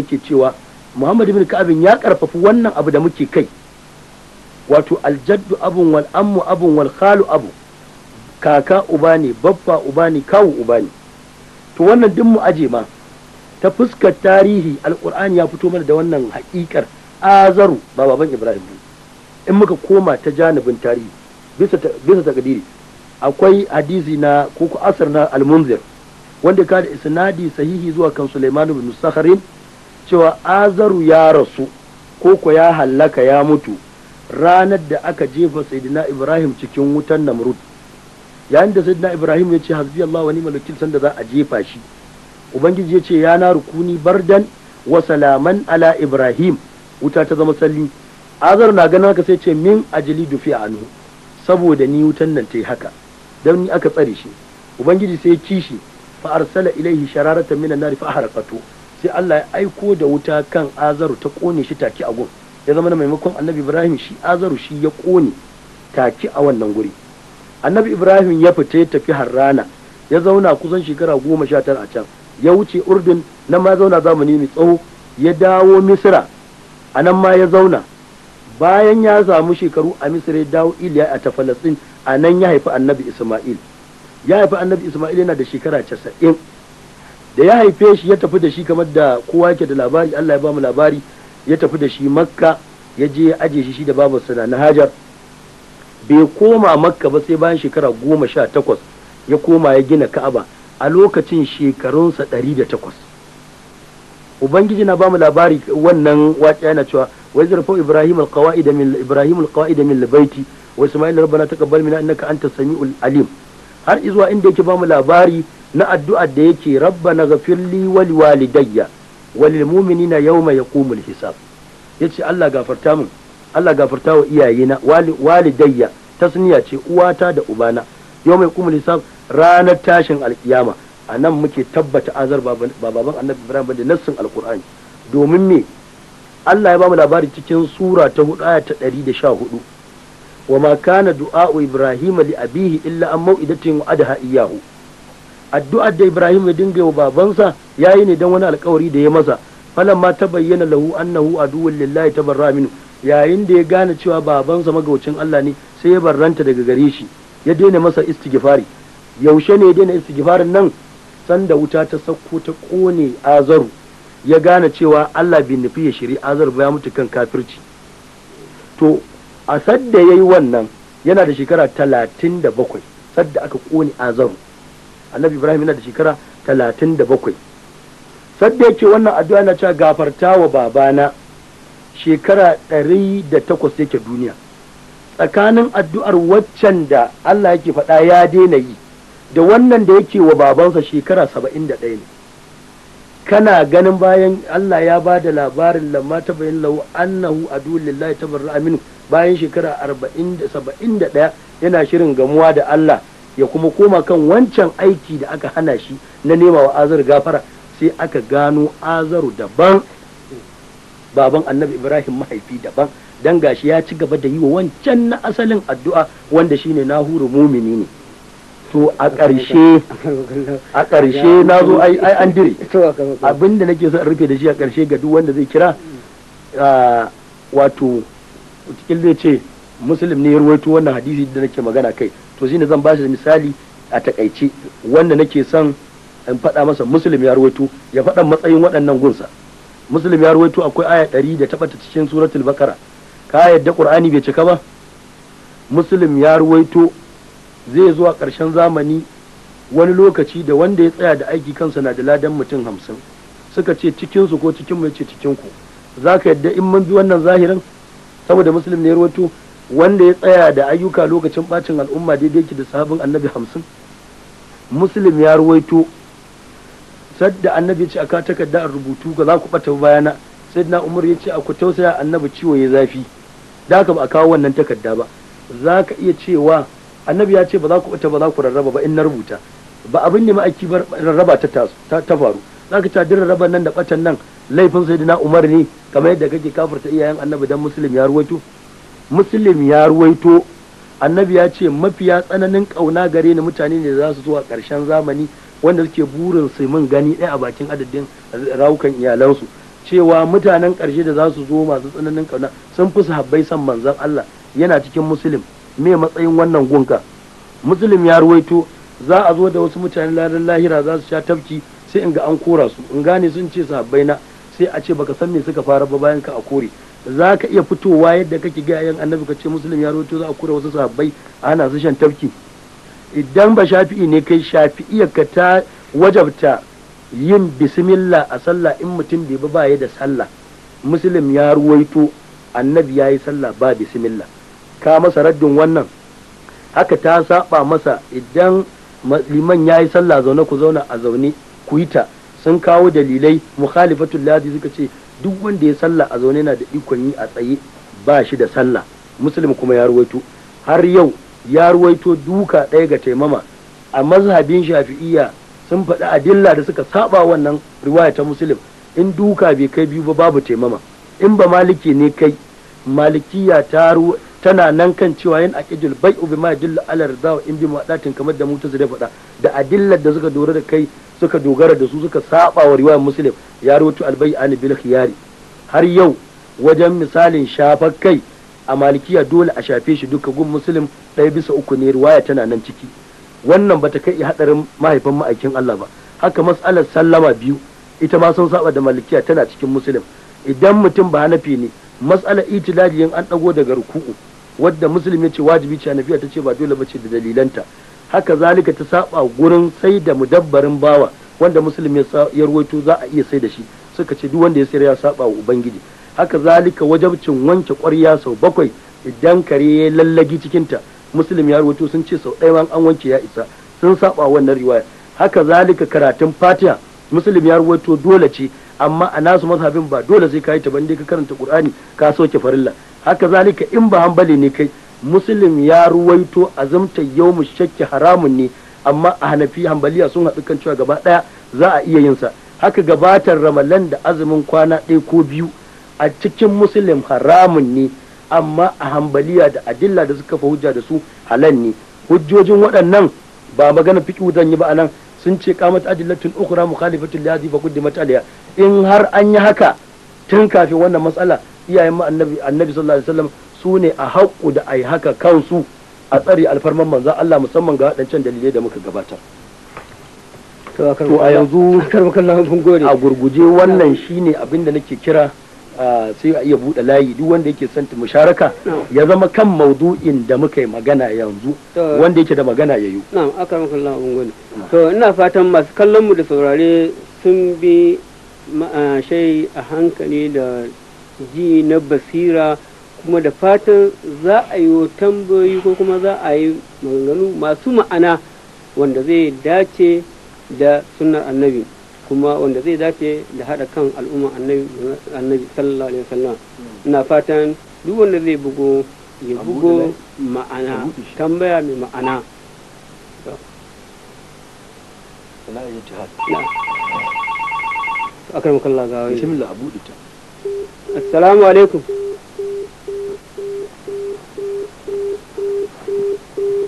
yake cewa muhammad ibn ka'abin ya karfafi wannan abu da muke kai wato aljaddu abun wal ammu abun wal khalu abu kaka uba ne babba uba ne kawu uba ne to wannan duk mu aje ma ta fuskar tarihi Alƙur'ani ya fito mana da wannan haƙiƙar azaru ba baban ibrahim in muka koma ta janibin tarihi bisa takadiri akwai hadisi na koko asar na almunzir wanda ka da isnadi sahihi zuwa kan Suleiman bin Sakharin cewa azaru ya rasu koko ya hallaka ya mutu ranar da aka jefa Saidina Ibrahim cikin wutan Namrud yayin da Saidina Ibrahim ya ce hasbi Allah wa ni'mal sanda za a jefa shi ubangiji ya ce ya na rukuni bardan wa salaman ala Ibrahim wuta ta zama salli azar na ganin haka sai ce min ajili dufi anu saboda ni wutan nan ta yi haka don ni aka tsare shi ubangiji sai ya ci shi fa arsala ilaihi shararata minan nari fa harqatu sai Allah ya aiko da wuta kan azaru ta kone shi take a gun ya zama na maimakon annabi ibrahim shi azaru shi ya kone taki a wannan guri annabi ibrahim ya fita ya tafi harrana ya zauna kusan shekara goma sha tara a can ya wuce urdun nan ma zauna zamani mai tsawo ya dawo misira a nan ma ya zauna bayan ya samu shekaru a misira ya dawo iliya a ta falastin a nan ya haifi annabi isma'il ya haifi annabi isma'il yana da shekara casa'in da ya haife shi ya tafi da shi kamar da kowa yake da labari allah ya mu labari ya tafi da shi makka ya je ya aje shi shi da babarsa na hajar bai koma makka ba sai bayan shekara goma sha takwas ya koma ya gina ka'aba a lokacin shekarunsa ɗari da takwas ubangiji na bamu labari wannan waƙa yana cewa wa zarfa ibrahim alqawaid min ibrahim alqawaid min albayti wa isma'il rabbana taqabbal minna innaka antas samiul alim har izuwa inda yake bamu labari na addu'a da yake rabbana ghafirli wa liwalidayya wa lilmu'minina mu'minina yawma yaqumul hisab yace Allah gafarta mun Allah gafarta wa iyayena walidayya tasniya ce uwata da ubana yawma yaqumul hisab ranar tashin alkiyama a nan muke tabbata azar ba baban annabi ibrahim bane nassin alkur'ani domin me Allah ya bamu labari cikin sura ta hudu aya ta ɗari da sha hudu wa ma kana du'a'u ibrahim li abihi illa an wa wa'adaha iyahu addu'ar da ibrahim ya dinga wa babansa yayi ne dan wani alkawari da ya masa falan ma bayyana lahu annahu aduwwun lillahi tabarra minhu yayin da ya gane cewa babansa magaucin Allah ne sai ya barranta daga gare shi ya daina masa istighfari yaushe ne ya daina istighfarin nan sanda wuta ta sauko ta ƙone azaru ya gane cewa Allah bin nufi ya shiri azaru ba ya mutu kan kafirci to a sadda ya yi wannan yana da shekara talatin da bakwai sadda aka kone azaru annabi ibrahim yana da shekara talatin da bakwai sadda ya yake wannan addu'a na cewa gafarta wa babana shekara ɗari da takwas yake duniya tsakanin addu'ar waccan da Allah yake faɗa ya daina yi da wannan da yake wa babansa shekara saba'in da ɗaya ne kana ganin bayan Allah ya ba da labarin lamma ta bayan lahu annahu adu lillahi tabarra aminu bayan shekara arba'in da saba'in da ɗaya yana shirin gamuwa da Allah ya kuma koma kan wancan aiki da aka hana shi na nema wa azar gafara sai aka gano azaru daban baban annabi ibrahim mahaifi daban dan gashi ya ci gaba da yi wa wancan na asalin addu'a wanda shine nahuru mumini ne so a ƙarshe a ƙarshe na zo ai an dire abinda nake so a rufe da shi a ƙarshe ga duk wanda zai kira wato cikin zai ce musulun ne ya ruwaito wannan hadisi da nake magana kai to shi ne zan shi misali a takaice wanda nake son in faɗa masa musulun ya ruwaito ya faɗa matsayin waɗannan gunsa musulun ya ruwaito akwai aya ɗari da taɓata cikin suratul bakara ka yadda ƙur'ani bai cika ba musulun ya ruwaito zai zuwa ƙarshen zamani wani lokaci da wanda ya tsaya da aiki kansa na da ladan mutum hamsin suka ce cikinsu ko cikin mai ce cikinku za ka yadda in mun bi wannan zahirin saboda musulun ne ruwatu wanda ya tsaya da ayyuka lokacin bacin al'umma daidai ki da sahabin annabi hamsin musulun ya ruwaito sadda annabi ya ce ka takarda a rubutu ga za ku bata bayana sai na umar ya ce a ku tausaya annabi ciwo ya zafi da ka ba a kawo wannan takarda ba za ka iya cewa annabi ya ce ba za ku ita ba za ku rarraba ba in na rubuta ba abin ne ma'aiki ba rarraba ta ta faru za ka cajin rarraba nan da batan nan laifin sayyidina umar ne kamar yadda kake kafarta iyayen annabi dan musulun ya ruwaito musulun ya ruwaito annabi ya ce mafiya tsananin ƙauna gare ni mutane ne za su zuwa ƙarshen zamani wanda suke burin su mun gani ɗaya a bakin adadin rawukan iyalansu cewa mutanen ƙarshe da za su zo masu tsananin ƙauna sun fi habbai san manzon Allah yana cikin muslim me matsayin wannan gunka muslim ya ruwaito za a zo da wasu mutane ladan lahira za su sha tafki sai in ga an kora su in gane sun ce sahabbai na sai a ce baka san me suka fara ba bayan ka a kore za ka iya fitowa yadda kake ga yan annabi ka ce muslim ya ruwaito za a kora wasu sahabbai ana su shan tafki idan ba shafi'i ne kai shafi'i ka ta wajabta yin bismillah a sallah in mutum bai ba ya da sallah muslim ya ruwaito annabi ya yi sallah ba bismillah ka masa raddin wannan haka ta saba masa idan liman ya yi sallah zaune ku zauna a zaune ku yi ta sun kawo dalilai mukhalifatul ladi suka ce duk wanda ya sallah a zaune na da ikon yi a tsaye ba shi da sallah muslim kuma ya ruwaito har yau ya ruwaito duka ɗaya ga taimama a mazhabin shafi'iyya sun faɗi adilla da suka saba wannan riwaya ta muslim in duka bai kai biyu ba babu taimama in ba maliki ne kai malikiya ta tana nan kan cewa yin aqidul bai'u bima yadullu ala rida wa in bi datin kamar da mutu da faɗa da adillar da suka dora da kai suka dogara da su suka saba wa riwayar muslim ya rawatu al bai'an bil khiyari har yau wajen misalin shafar kai a malikiya dole a shafe shi duka gun muslim ɗaya bisa uku ne riwaya tana nan ciki wannan bata kai hadarin mahaifin ma'aikin Allah ba haka mas'alar sallama biyu ita ma sun saba da malikiya tana cikin muslim idan mutum ba hanafi ne mas'alar itidaliyin an ɗago daga ruku'u wadda musulmi ya ce wajibi ce nafiya ta ce ba dole bace da dalilanta haka zalika ta saba gurin sai da mudabbarin bawa wanda musulmi ya ruwaito za a iya sai da shi suka ce duk wanda ya sayar ya saba wa ubangiji haka zalika wajabcin wanke kwarya sau bakwai idan kare ya lallagi cikinta musulmi ya ruwaito sun ce sau ɗaya an wanke ya isa sun saba wannan riwaya haka zalika karatun fatiha musulmi ya ruwaito dole ce amma a nasu mazhabin ba dole sai ka yi ta bande ka karanta qur'ani ka soke farilla haka zalika in ba hanbali ne kai muslim ya ruwaito yau mu shakki haramun ne amma a hanafi hanbaliya sun haɗu kan cewa gaba ɗaya za a iya yinsa haka gabatar ramalan da azumin kwana ɗaya ko biyu a cikin muslim haramun ne amma a hanbaliya da adilla da suka fa hujja da su halal ne hujjojin waɗannan ba magana fiƙi zan yi ba anan sun ce qamat adillatun ukhra mukhalifatun li hadhihi fa quddimat alayha in har an yi haka tun kafin wannan matsala iyayen mu annabi annabi sallallahu alaihi wasallam su ne a haƙu da ai haka kansu a tsare alfarman manzon Allah musamman ga waɗancan dalilai da muka gabatar to a yanzu a gurguje wannan shine abin da nake kira sai a iya buɗe layi duk wanda yake son musharaka ya zama kan maudu'in da muka yi magana yanzu wanda yake da magana ya yi na'am aka maka Allah to ina fatan masu kallon mu da saurare sun bi shai a hankali da ji na basira kuma da fatan za a yi tambayoyi ko kuma za a yi maganganu masu ma'ana wanda zai dace da sunnar annabi kuma wanda zai dace da haɗa kan al'umma annabi sallallahu alaihi wasallam ina fatan duk wanda zai bugo ya bugo ma'ana tambaya mai ma'ana akwai makalla ga wani bismillah assalamu alaikum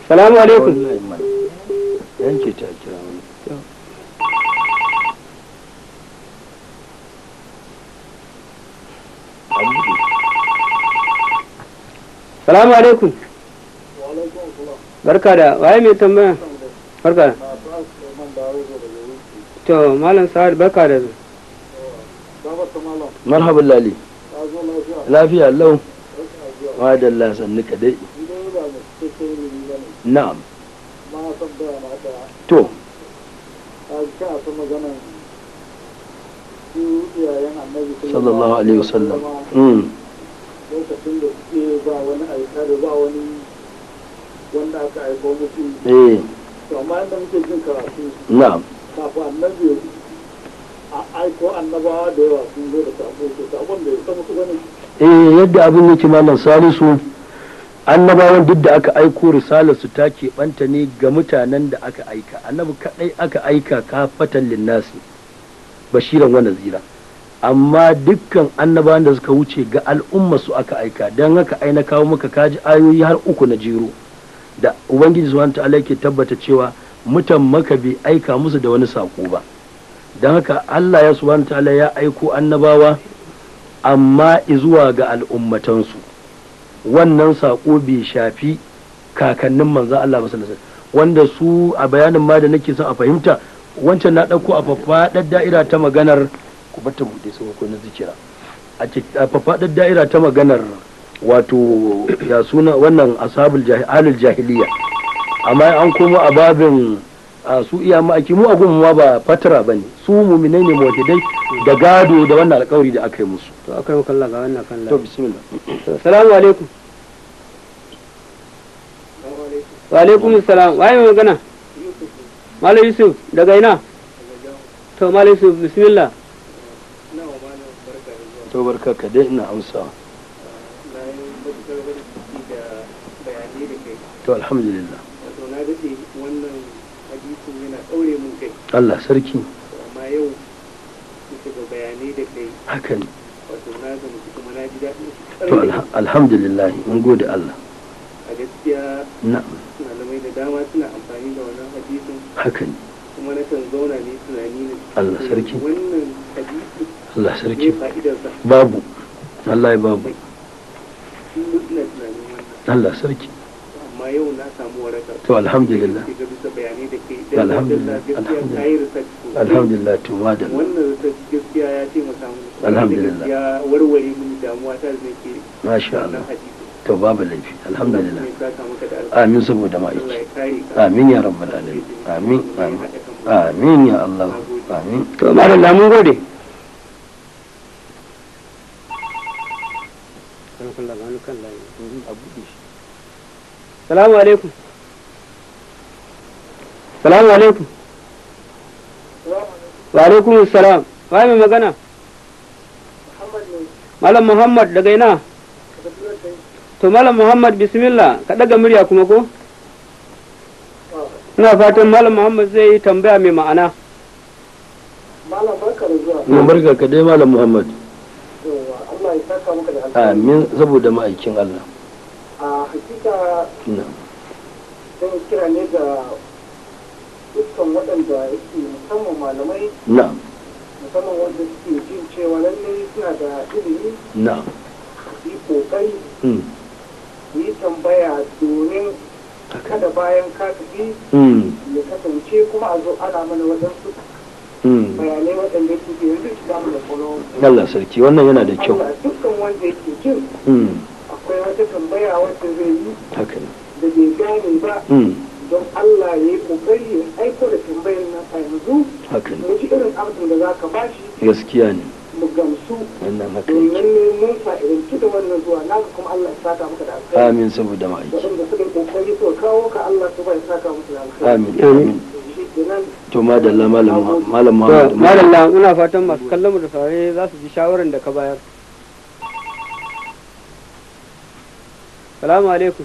salamu alaikum yanke salamu alaikum barka da waye mai tambaya barka da to malam sa'ad barka da marhaban lali lafiya lau madalla sannu kadai na'am to sallallahu alaihi wasallam lokacin mm. eh. da amma yadda muke jin karatu kafin annabi ya eh yadda abin yake malam salisu annabawan duk da aka aiko risalar su ta keɓanta ne ga mutanen da aka aika annabi kaɗai aka aika kafatan linnasi bashiran wa nazira amma dukkan annabawan da suka wuce ga al'umma su aka aika don haka ai na kawo maka kaji ayoyi har uku na jiro da ubangiji subhanahu ta'ala ke tabbata cewa mutan maka bai aika musu da wani sako ba don haka Allah ya subhanahu ta'ala ya aiko annabawa amma zuwa ga al'ummatansu wannan saƙo bai shafi kakannin manzan Allah ba wanda su a bayanin ma da nake son a fahimta wancan na ɗauko a fafaɗar da'ira ta maganar ku bata buɗe su ko na zikira a fafaɗar da'ira ta maganar wato ya suna wannan ashabul jahiliya. amma an komo a babin a su iya ma'aiki mu a ma ba fatara ba ne su muminai ne muwahidai da gado da wannan alƙawari da aka yi musu to aka yi kalla ga wannan kalla to bismillah assalamu alaikum wa alaikum assalam yi magana malam yusuf daga ina to malam yusuf bismillah to barka ka dai ina amsa to alhamdulillah Allah sarki amma haka ne wato na to alhamdulillah mun gode Allah na haka ne Allah sarki Allah sarki babu Allah ya babu Allah sarki amma yau na samu waraka to alhamdulillah bayanai da alhamdulillah to da wannan gaskiya ya ce mu samu alhamdulillah warware damuwa ta masha Allah to babu laifi alhamdulillah amin saboda aiki amin ya rabbal alamin amin amin amin ya Allah amin to malam mun gode Salamu alaikum. salamu alaikum wa alaikum salam wa mai magana malam muhammad daga ina to malam muhammad bismillah ka daga murya kuma ko ina fatan malam muhammad zai yi tambaya mai ma'ana malam barka da ka dai malam muhammad Allah ya saka maka da alheri amin saboda ma'aikin Allah a hakika zan kira ne ga dukkan waɗanda yake musamman malamai musamman wanda suke jin cewa lallai suna da ilimi yi kokari hmm. yi tambaya domin kada bayan ka tafi hmm. ya kasance kuma a zo ana mana su, hmm. bayanai waɗanda ke yanzu su damu da kwalon Allah sarki wannan yana da kyau dukkan wanda yake jin akwai wata tambaya wanda zai yi da bai gane ba don Allah ya yi kokari ya aiko da tambayar na a yanzu mun shi irin abin da za ka ba shi gaskiya ne mu gamsu domin ne mun fa'idanci da wannan zuwa na ga kuma Allah ya saka maka da alkhairi amin saboda ma'aiki waɗanda suka yi kokari suka kawo ka Allah su ba ya saka musu da alkhairi amin amin to madalla malam malam Muhammad madalla ina fatan masu kallon mu da saurare za su ji shawaran da ka bayar salamu alaikum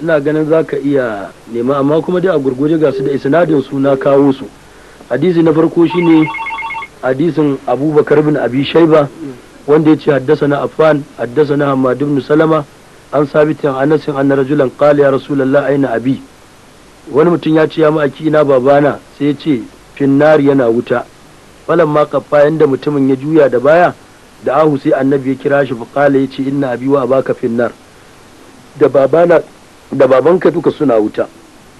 ina ganin za ka iya nema amma kuma dai a gurguje ga su da isnadin suna kawo su hadisi na farko shine hadisin abubakar bin abi shaiba wanda ya ce haddasa na afan haddasa na hamad ibn salama an sabitin anasin anna rajulan qala ya rasulullah aina abi wani mutum ya ce ya ma'aki ina babana sai ya ce finnar yana wuta falan ma kaffa yanda mutumin ya juya da baya da ahu sai annabi ya kira shi fa qala ya ce inna abi wa baka finnar da babana da babanka duka suna wuta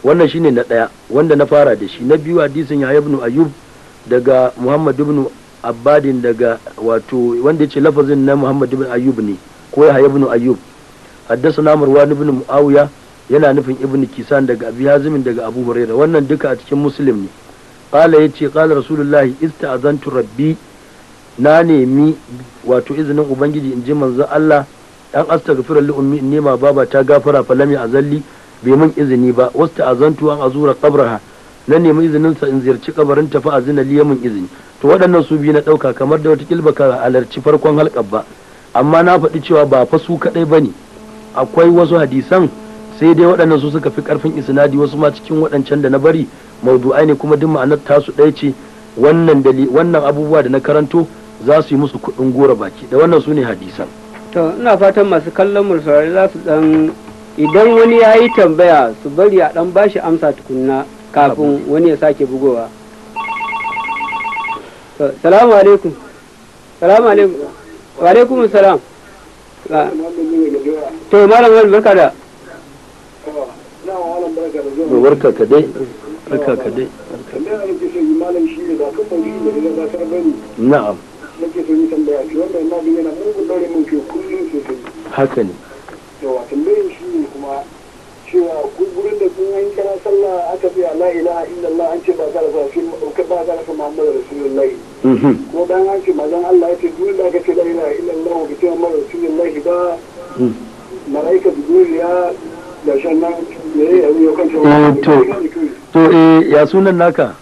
wannan shine na ɗaya wanda na fara da shi na biyu hadisin ya ibn ayub daga muhammad ibn abadin daga wato wanda yace lafazin na muhammad ibn ayub ne ko ya ibn ayyub haddasa marwan ibn muawiya yana nufin ibn kisan daga abi hazimin daga abu hurairah wannan duka a cikin muslim ne qala yace qala rasulullahi ista'azantu rabbi na nemi wato izinin ubangiji in ji manzo Allah an astaghfira li ummi inni ma baba ta gafara fa a zalli bai mun izini ba ta azantu an azura qabraha na nemi izinin sa in ziyarci kabarin ta fa azina li mun izini to waɗannan su biyu na ɗauka kamar da wata kilba ka halarci farkon halkar ba amma na faɗi cewa ba fa su kaɗai ne akwai wasu hadisan sai dai waɗannan su suka fi ƙarfin isnadi wasu ma cikin waɗancan da na bari maudu'ai ne kuma duk ma'anar tasu ɗaya ce wannan abubuwa da na karanto za su yi musu kuɗin gora baki da wannan su ne hadisan to ina fatan masu kallon mu saurari za su dan idan wani ya yi tambaya su bari a dan bashi amsa tukunna kafin wani ya sake bugowa salamu alaikum salamu alaikum wa alaikum salam to malam wani barka da barka ka dai barka ka dai na'am sun tambaya shi wanda na bin yana mugun daure mun ke kullum sosai haka ne yawa tambayin shi ne kuma cewa gurin da sun yi kana sallah aka fi la ilaha illallah an ce ba za rasa shi ka ba za rasa muhammadu rasulullahi mhm. ko dan an ce mazan Allah ya ce gurin da aka ce la ilaha illallah ka ce muhammadu rasulullahi ba mhm. malaika jibril ya da shan nan ya yi yau kan cewa to to eh ya sunan naka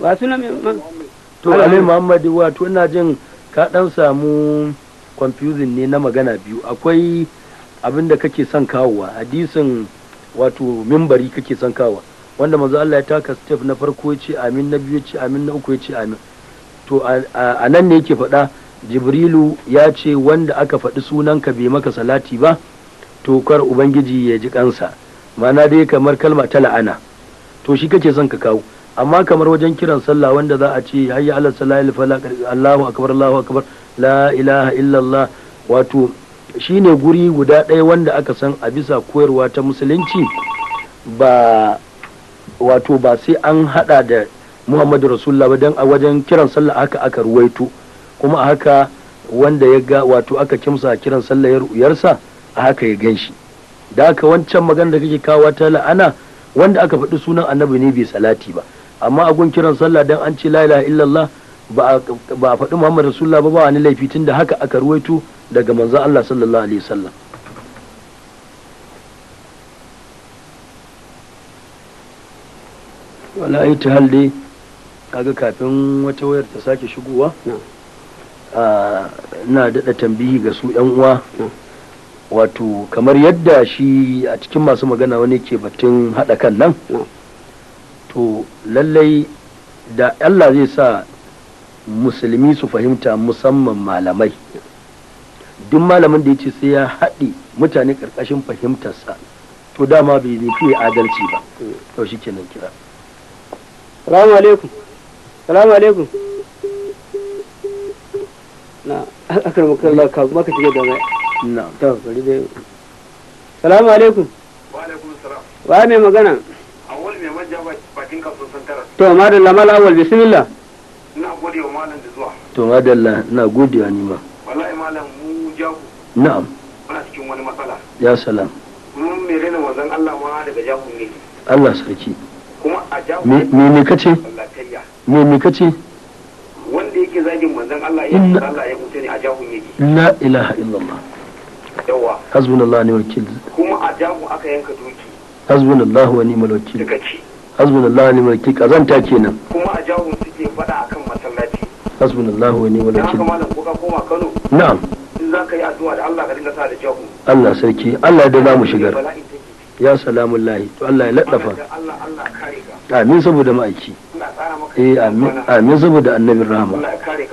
ba sunan to alai muhammadu wato ina jin ka dan samu confusing ne na magana biyu akwai abin da kake son kawowa hadisin wato mimbari kake son kawowa wanda manzo Allah ya taka step na farko ya ce amin na biyu ya ce amin na uku ya ce amin to a nan ne yake faɗa jibrilu ya ce wanda aka faɗi sunanka bai maka salati ba to kar ubangiji ya ji kansa mana dai kamar kalma ta la'ana to shi kake son ka kawo amma kamar wajen kiran sallah wanda za a ce hayya ala salahil falaq Allahu akbar Allahu akbar la ilaha illallah wato shine guri guda ɗaya wanda aka san a bisa koyarwa ta musulunci ba wato ba sai an hada da Muhammadu Rasulullah ba dan a wajen kiran sallah haka aka ruwaito kuma a haka wanda ya ga wato aka kimsa kiran sallah yarsa a haka ya gan shi da aka wancan magana da kake kawo ta la'ana wanda aka faɗi sunan annabi ne bai salati ba amma a kiran sallah dan an ce la ilaha illallah ba a faɗi muhammad rasulullah ba ba wani laifi tun da haka aka ruwaito daga manza allah sallallahu alaihi wasallam wala yi ta halde kaga kafin wata wayar ta sake shigowa na daɗa tambihi ga su yan uwa wato kamar yadda shi a cikin masu magana wani ke batun haɗa kan nan to lallai da Allah zai sa musulmi su fahimta musamman malamai duk malamin da ya ce sai ya haɗe mutane ƙarƙashin fahimtarsa to dama bai nufi adalci ba to shi kenan kira salamu alaikum salamu alaikum na akar makar Allah ka maka shiga da mai na ta bari dai salamu alaikum wa alaikum salam wa mai magana wani mai manja to ma da lamar awal bismillah Na gode wa malam da zuwa to ma da madalla na gode wa nima wallahi malam mu jago na'am muna cikin wani matsala ya salam mun me rena wazan Allah ma daga jago ne Allah sarki kuma a jago me me kace me me kace wanda yake zagin wazan Allah ya Allah ya mutu ne a jago ne. la ilaha illallah yawa hasbunallahu wa ni'mal wakil kuma a jago aka yanka doki hasbunallahu wa ni'mal wakil kace hasbunallahu kazanta kenan kuma a jawo suke faɗa akan masallaci hasbunallahu wa ni'mal wakil na'am Allah sarki Allah da za mu shigar ya salamu lahi to Allah ya laddafa amin saboda ma'aiki eh, amin saboda annabin rahama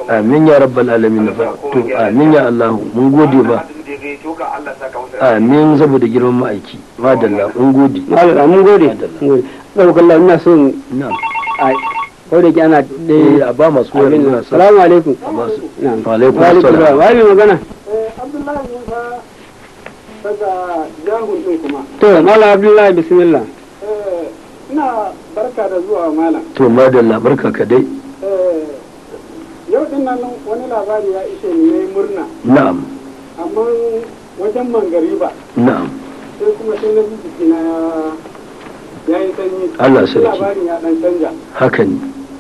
amin ya rabbal alamin to amin ya Allah mun gode ba daidai to Allah saka masa amin saboda girman ma'aiki madalla mun gode madalla mun gode madalla Allah ina son na'am ai kawai da ana da eh, a ba masu wani na salamu alaikum wa alaikum assalam wa magana eh, abdullahi musa daga jihar din kuma to malam abdullahi bismillah eh, ina barka da zuwa malam to madalla barka ka dai yau din nan wani labari ya ishe ni yayi murna na'am amma wajen Mangari ba. na'am sai kuma sai na jiki na ya yi sanyi Allah sarki labarin ya dan canja haka ne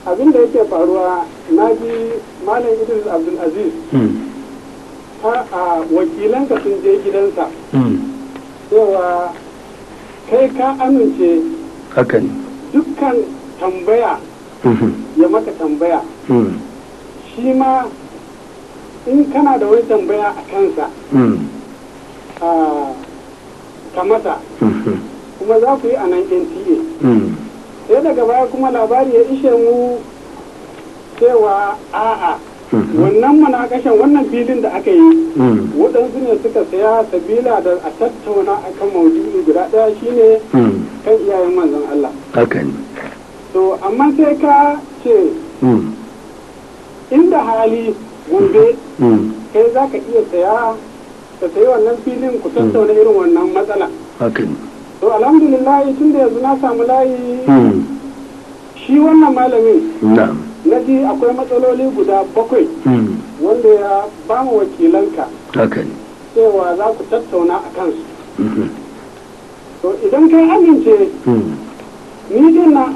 abin da yake faruwa na ji malam Idris Abdul Aziz hmm. ta a ka sun je gidansa hmm. cewa kai ka amince haka ne dukkan tambaya hmm. ya maka tambaya shi ma in kana da wani tambaya a kansa hmm. ka masa hmm. kuma za ku yi a nan nta hmm. sai daga baya kuma labari ya ishe mu cewa a'a wannan munakashin wannan filin da aka yi waɗansu ne suka saya sabila da a tattauna a kan maudu'i guda ɗaya shine kan iyayen manzon Allah haka to amma sai ka ce inda hali gombe mm. kai za ka iya saya ka sayi wannan filin ku mm. tattauna irin wannan matsala to alhamdulillah tun da yanzu na samu layi mm. shi wannan malamin na ji akwai matsaloli guda bakwai wanda ya ba mu wakilanka cewa za ku tattauna a kansu mm-hmm. to idan kai amince ni din nan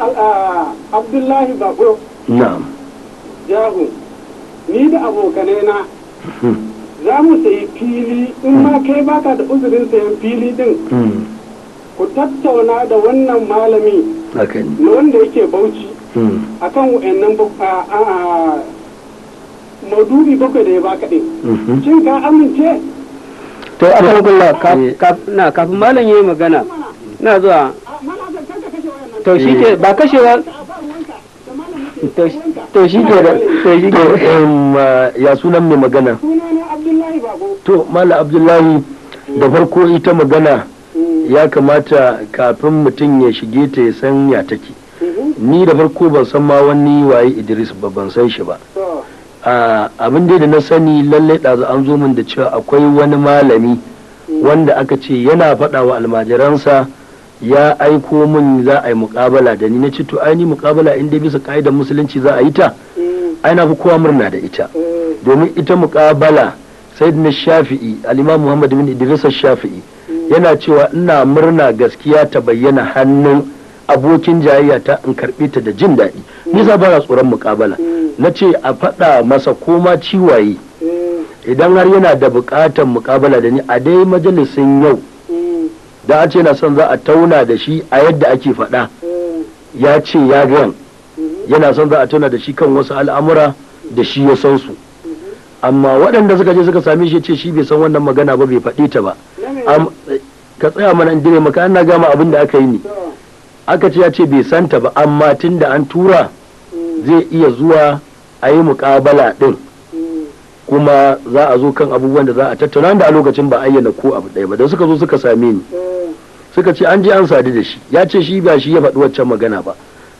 abdullahi babur jahu ni da abokanena na za mu sayi fili in ma kai baka da uzurin sayan fili din hmm. ku tattauna da wannan malami na wanda yake bauchi a hmm. akan wa'annan madubi bakwai da ya baka ɗin hmm. shin ka amince to a kan eh. na kafin malam ya yi magana na zuwa to shi ke ba kashewa ya sunan mai magana to mala abdullahi da farko ita magana mm. ya kamata kafin mutum ya shige ta ya san ya take mm-hmm. ni da farko ban san ma wani waye idris ba ban san shi ba ah, abin da na sani lallai ɗazu an zo min da cewa akwai wani malami mm. wanda aka ce yana faɗa wa almajiransa ya aiko mun za a yi mukabala da ni na ce to ai ni mukabala inda bisa ka'idar musulunci za a yi ta mm. ai na fi kowa murna da ita mm. domin ita mukabala sai na shafi'i alimam muhammad bin idris shafi'i mm. yana cewa ina murna gaskiya ta bayyana hannun abokin jayayya ta in karɓi ta da jin daɗi nisa ba tsoron mukabala na ce a faɗa masa koma ciwaye idan har yana da buƙatar mukabala da ni a dai majalisin yau da a ce yana son za a tauna da shi a yadda ake faɗa ya ce ya gan yana son za a tauna da shi kan wasu al'amura da shi ya san su amma waɗanda suka je suka same shi ce shi bai san wannan magana ba bai faɗi ta ba ka tsaya mana indire maka an gama abin da aka yi ne aka ce ya ce bai san ta ba amma tun da an tura zai iya zuwa a yi muƙabala ɗin kuma za a zo kan abubuwan da za a tattauna da a lokacin ba ayyana ko abu ɗaya ba da suka zo suka same ni suka ce an je an sadu da shi ya ce shi ba shi ya faɗi waccan magana ba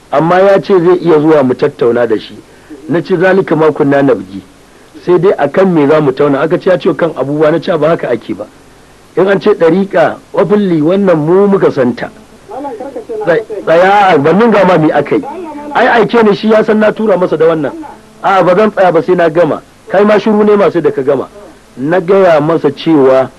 amma ya ce zai iya zuwa mu tattauna da shi na ce zalika makon na bugi sai dai akan me za mu tauna aka ce ya ce kan abubuwa na ce ba haka ake ba in an ce ɗariƙa wafilli wannan mu muka santa tsaya bannin gama me aka yi ai aike ne shi ya san na tura masa da wannan a ba zan tsaya ba sai na gama kai ma shiru ne masu da ka gama na gaya masa cewa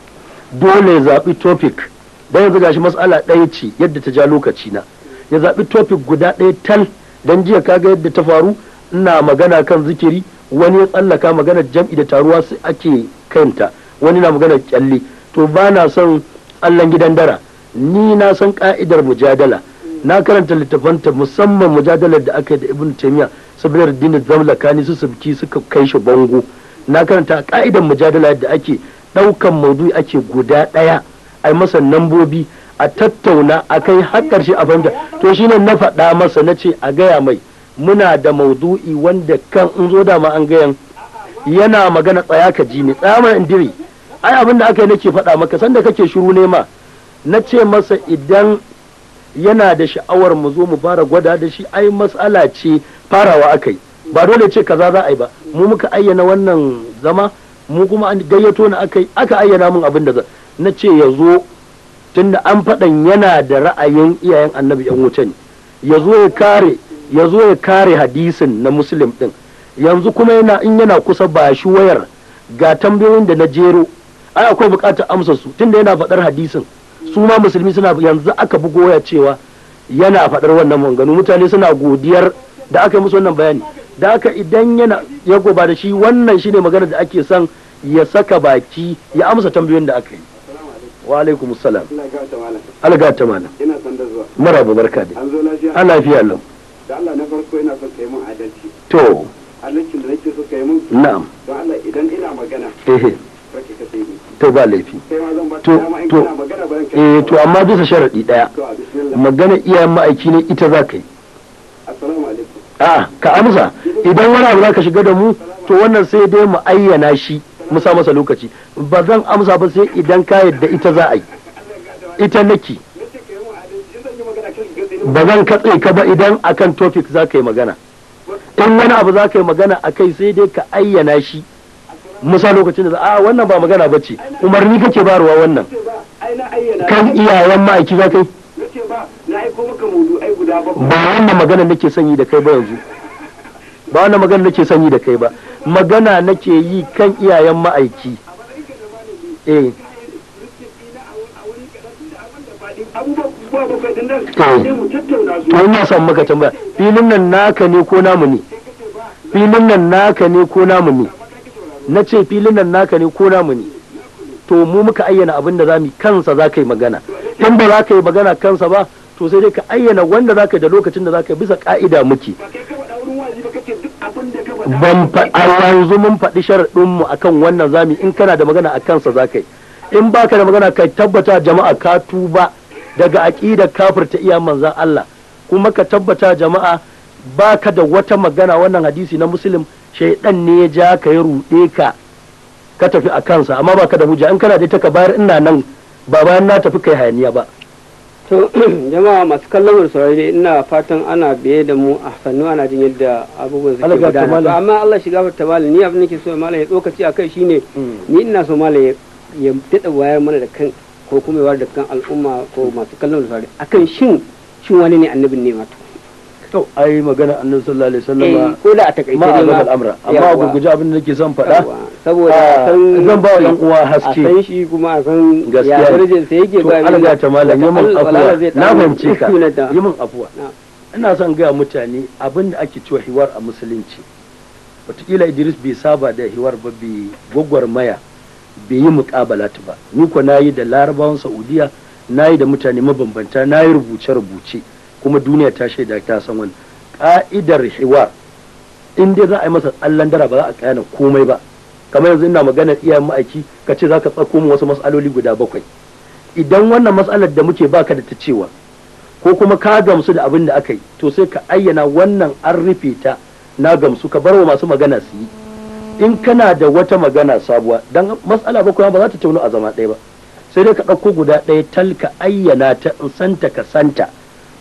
dole zaɓi topic don yanzu gashi matsala ɗaya ce yadda ta ja lokaci na ya zaɓi topic guda ɗaya tal don jiya kaga yadda ta faru ina magana kan zikiri wani ya tsallaka maganar jam'i da taruwa su ake kanta wani na magana kyalle to ba na son tsallan gidan dara ni na san ka'idar mujadala na karanta ta musamman mujadalar da aka yi da ibn taymiya saboda dinin zamlakani su subki suka kai shi bango na karanta ka'idar mujadala da ake ɗaukan maudu'i ake guda ɗaya. a yi masa nambobi a tattauna a kai har shi a fahimta to shi ne na faɗa masa na ce a gaya mai muna da maudu'i wanda kan in zo da an gayan yana magana tsaya ka ji ne tsaya mai indiri ai abin da aka yi nake faɗa maka sanda kake shiru ne ma na ce masa idan yana da sha'awar mu zo mu fara gwada da shi ai matsala ce farawa aka yi ba dole ce kaza za a yi ba mu muka ayyana wannan zama mu kuma an gayyato ni aka yi aka ayyana mun abin da za na ce ya zo tunda an faɗan yana da ra'ayin iyayen annabi yan wuce ne ya zo ya kare ya zo ya kare hadisin na muslim ɗin yanzu kuma yana in yana kusa ba shi wayar ga tambayoyin da na jero ai akwai buƙatar amsa su tunda yana faɗar hadisin su ma musulmi suna yanzu aka bugo ya cewa yana faɗar wannan manganu mutane suna godiyar da aka yi musu wannan bayani da aka idan yana ya goba da shi wannan shine maganar da ake son ya saka baki ya amsa tambayoyin da aka yi wa alaikum salam ga ta mana ina san da zuwa maraba barka dai an zo lafiya an lafiya lau da Allah na farko ina son kai mun adalci to adalci da nake so kai mun na'am don Allah idan ina magana eh to ba laifi to to eh to amma bisa sharadi daya magana iyayen ma'aiki ne ita za ka yi assalamu alaikum a ka amsa idan wani abu za ka shiga da mu to wannan sai dai mu ayyana shi mu sa masa lokaci ba zan amsa ba sai idan ka yadda ita za a yi ita naki ba zan katse ka ba idan akan topic za ka yi magana in wani abu za ka yi magana a kai sai dai ka ayyana shi musa lokacin da za a ah, wannan ba magana ba ce umarni kake barwa wannan kan iyayen ma'aiki za ka yi ba wannan magana nake sanyi da kai ba yanzu ba wannan magana nake sanyi da kai ba magana nake yi kan iyayen ma'aiki eh ina son maka tambaya filin nan naka ne ko namu ne filin nan naka ne ko namu ne na ce filin nan naka ne ko namu ne to mu muka ayyana abin da zamu kansa za ka yi magana in ba za ka yi magana kansa ba to sai dai ka ayyana wanda za ka da lokacin da za ka bisa ka'ida muke a yanzu mun faɗi sharaɗinmu a kan wannan zami in kana da magana a kansa za ka yi in baka da magana ka tabbata jama'a ka tuba daga aƙidar ta iya manzan Allah kuma ka tabbata jama'a baka da wata magana wannan hadisi na musulun shaidan ne ya ja ka ya ruɗe ka ka tafi a kansa amma baka da hujja in kana da ita ka bayar ina nan ba bayan na tafi kai hayaniya ba to jama'a masu kallon saurari ina fatan ana biye da mu a sannu ana jin yadda abubuwan suke gudana to amma Allah shiga fata malam ni abin nake so malam ya tsokaci akai shine mm. ni ina so malam ya tada wayar mana da kan ko kuma ya wayar da kan al'umma ko masu kallon saurari akan shin shin wani ne annabin ne wato. ai magana annan sallallahu alaihi wasallam eh, ko da a takaice ga al'amra amma ga guje abin da nake zan faɗa saboda san ah, zan ba wa uwa haske san shi kuma san gaskiya darajar sai yake ba Allah ya ta malam yi min afuwa na fahimce ka yi min afuwa ina son ga mutane abin da ake cewa hiwar a musulunci kila Idris bai saba da hiwar ba bai gwagwarmaya bai yi muƙabalata ba ni ko na yi da larabawan Saudiya na yi da mutane mabambanta na yi rubuce-rubuce kuma duniya ta shaida ta san wani ka'idar hiwar in dai za a yi masa tsallan dara ba za a kayana komai ba kamar yanzu ina maganar iyayen ma'aiki ka ce za ka tsako mu wasu matsaloli guda bakwai idan wannan matsalar da muke baka da ta cewa ko kuma ka gamsu da abin da aka yi to sai ka ayyana wannan an rufe ta na gamsu ka bar wa masu magana su yi in kana da wata magana sabuwa dan matsala bakwai ba za ta taunu a zama ɗaya ba sai dai ka ɗauko guda ɗaya tal ka ayyana ta in santa ka santa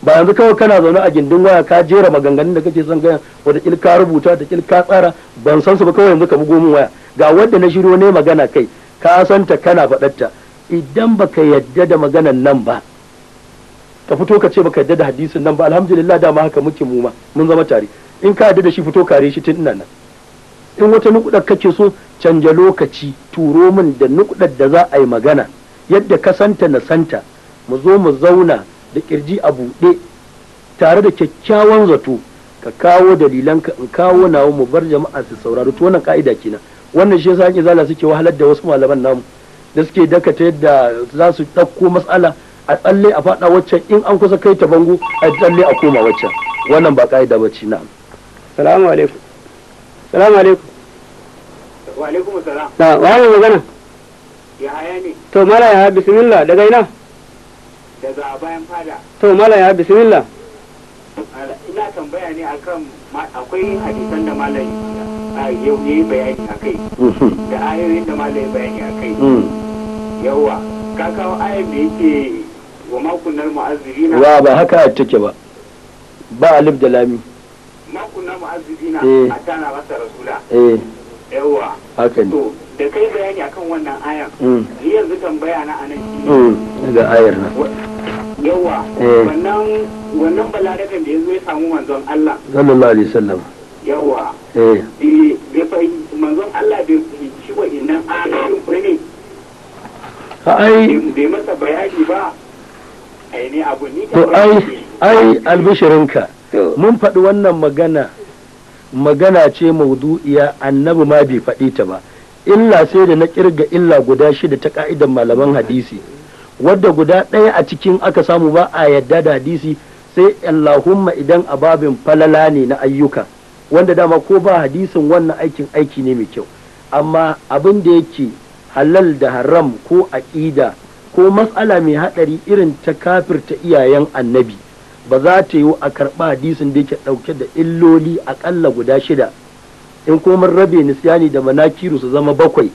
ba yanzu kawai kana zaune a gindin waya ka jera maganganun da kake son gaya wata ka rubuta da ka tsara ban san su ba kawai yanzu ka bugo min waya ga wanda na shiro ne magana kai ka san ta kana faɗarta idan baka yadda da maganan nan ba ka fito ka ce baka yadda da hadisin nan ba alhamdulillah ma haka muke mu ma mun zama tare in ka yadda da shi fito kare shi tun ina nan in wata nukudar kake so canja lokaci turo min da nukudar da za a yi magana yadda ka santa na santa mu zo mu zauna da kirji a buɗe tare da kyakkyawan zato ka kawo dalilan ka in kawo nawa mu bar jama'a su sauraro to wannan ka'ida kenan wannan shi yasa ake zala suke wahalar da wasu malaman namu da suke dakata yadda za su ɗauko matsala a tsalle a faɗa waccan in an kusa kai ta bango a tsalle a koma waccan wannan ba ka'ida ba ce na'am salamu alaikum salamu alaikum wa alaikum salam na wani magana ya haya ne to mala ya bismillah daga ina daga bayan fada to malaya bismillah ina tambaya ne akan akwai hadisan da malayi a yau ne bayani a kai. da ayoyin da malayi bayani akai mm-hmm. yawa ka kawo ayin da yake wa makunar na. wa ba haka take ba ba alif da lami makunar na eh. a tana masa rasula eh. yawa haka ne da kai bayani akan wannan ayar mm. yanzu tambaya na anan da mm, ayar na yawa eh. wannan wannan balarakan da ya samu manzon Allah sallallahu alaihi wasallam yawa eh bai fa manzon Allah bai wa innan ai bai masa bayani ba ai ne abu ni to ai ai albishirinka mun faɗi wannan magana magana ce maudu'iya annabi ma bai faɗi ta ba illa sai da na kirga illa guda shida ta ka'idan malaman hadisi wadda guda ɗaya a cikin aka samu ba a yadda da hadisi sai allahumma idan ababin falala ne na ayyuka wanda dama ko ba hadisin wannan aikin aiki ne mai kyau amma abin da yake halal da haram ko aƙida ko matsala mai haɗari irin ta kafirta iyayen annabi ba za ta yiwu a karɓa hadisin da yake ɗauke da illoli aƙalla guda shida in kuma rabe nisyani da manakiru su zama bakwai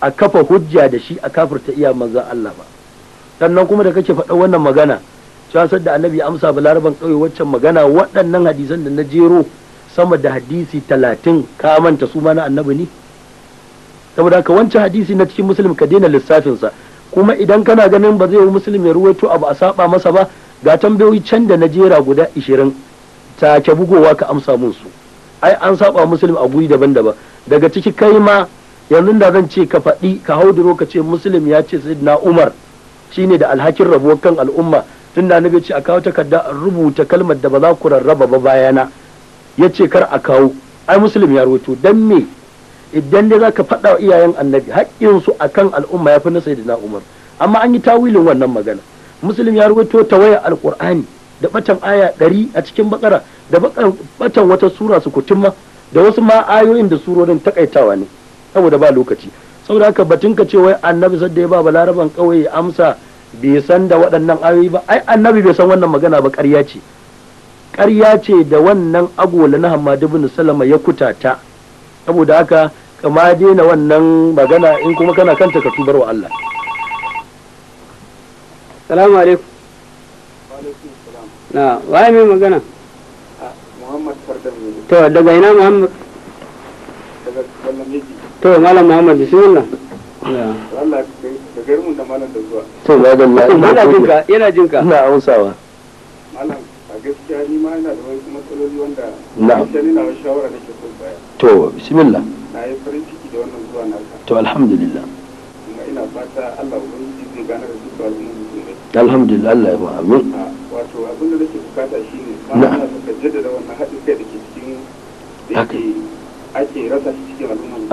a kafa hujja da shi a kafirta iya manzan Allah ba sannan kuma da kake faɗa wannan magana cewa da annabi ya amsa balaraban ƙauye waccan magana waɗannan hadisan da na jero sama da hadisi talatin ka manta su ma na annabi ne saboda ka wancan hadisi na cikin musulmi ka daina lissafinsa kuma idan kana ganin ba zai yi musulmi ya ruwaito abu a saɓa masa ba ga tambayoyi can da na jera guda ishirin ke bugowa ka amsa mun su ai an saba musulmi a guri daban-daban daga ciki kai ma yanzu da zan ce ka faɗi ka hauduro ka ce musulmi ya ce na umar shine da alhakin rabuwar kan al'umma tun da nabi ce a kawo takarda rubuta kalmar da ba za ku rarraba ba bayana ya ce kar a kawo ai musulmi ya rubuto dan me idan dai zaka faɗa iyayen annabi haƙƙin su akan al'umma ya fi na na umar amma an yi tawilin wannan magana musulmi ya rubuto ta waya alqur'ani da batan aya ɗari a cikin bakara da batan wata sura su ma da wasu ma ayoyin da surorin takaitawa ne saboda ba lokaci saboda haka batun ka ce wai annabi da ya ba laraban kawai amsa bai san da waɗannan ayoyi ba ai annabi bai san wannan magana ba ƙarya ce ƙarya ce da wannan agola na hamadu bin salama ya kutata saboda haka kama daina wannan magana in kuma kana kanta ka tubar wa Allah salamu alaikum na waye mai magana to daga ina muhammad to malam muhammad bismillah Allah da malam da to jinka yana jinka na ausawa malam a gaskiya ni ma ina da wani matsaloli wanda na shawara da ke to bismillah na yi farin ciki da wannan zuwa na to alhamdulillah ina alhamdulillah Allah ya ma amin wato abin kai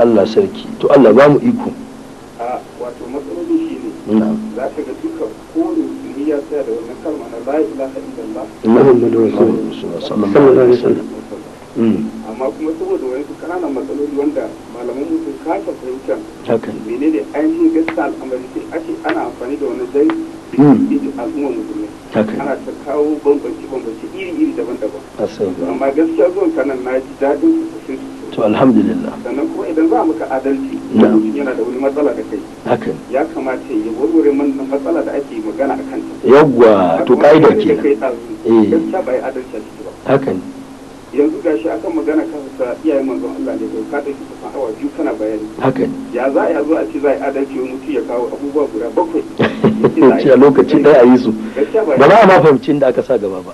Allah sarki to Allah ba mu iko a wato matsaloli shine na la ilaha illallah Muhammadu wani mm. mm. kananan matsaloli wanda malaman mutum kasa fahimtar menene ainihin gaskiya al'amari sai ana amfani da wani dai da al'ummar ana ta kawo bambanci bambance iri iri daban daban amma gaskiya zuwan kanan na ji daɗin su to alhamdulillah sannan kuma idan za maka adalci mutum yana da wani matsala da kai haka ya kamata ya warware matsala da ake magana a kanta yawwa to ke eh. gaskiya ba ya adalci a ciki ba haka ne yanzu shi akan magana kansa iyayen manzon Allah ne kai ka dauki kusan awa biyu kana bayani haka ya za a zo a ce za a adalci wani mutum ya kawo abubuwa guda bakwai ce a lokacin ɗaya a yi su ba za a ma fahimci da aka sa gaba ba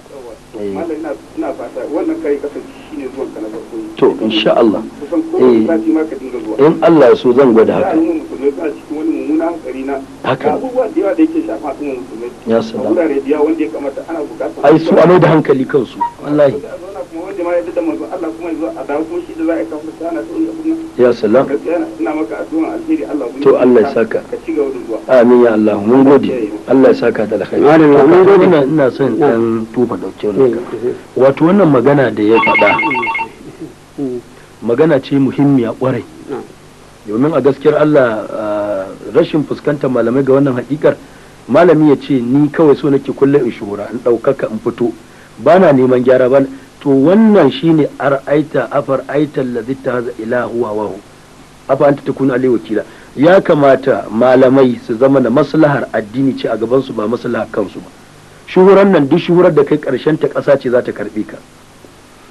ina fata wannan kai kasance shi ne zuwan ka na to insha Allah kusan ko sati ma ka dinga zuwa in Allah ya so zan gwada haka hankali ya sallam wurare da su a da hankali kansu wallahi kuma ya da Allah kuma a wani ya sallam ina maka addu'a alheri Allah da amin da alheri eh, eh, eh. wato wannan magana da ya faɗa mm. magana ce muhimmiya kwarai mm. domin a gaskiyar Allah rashin fuskantar malamai ga wannan hakikar malami ya ce ni kawai so nake kulle in shura in ɗaukaka in fito ba na neman gyara ba to wannan shine ar'aita afar aita ladhi tahaza ilahu wa wahu afa anta takunu alai wakila ya kamata malamai su zama da maslahar addini ce a gaban su ba maslahar kansu ba shuhuran nan duk shuhurar da kai karshen ta ƙasa ce za ta karbe ka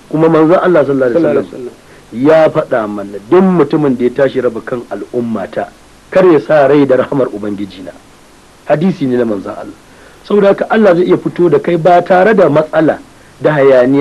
kuma manzo Allah sallallahu alaihi wasallam ya faɗa mana duk mutumin da ya tashi raba kan al'ummata kar ya sa rai da rahamar ubangiji na hadisi ne na manzan Allah saboda haka Allah zai iya fito da kai ba tare da matsala da hayaniya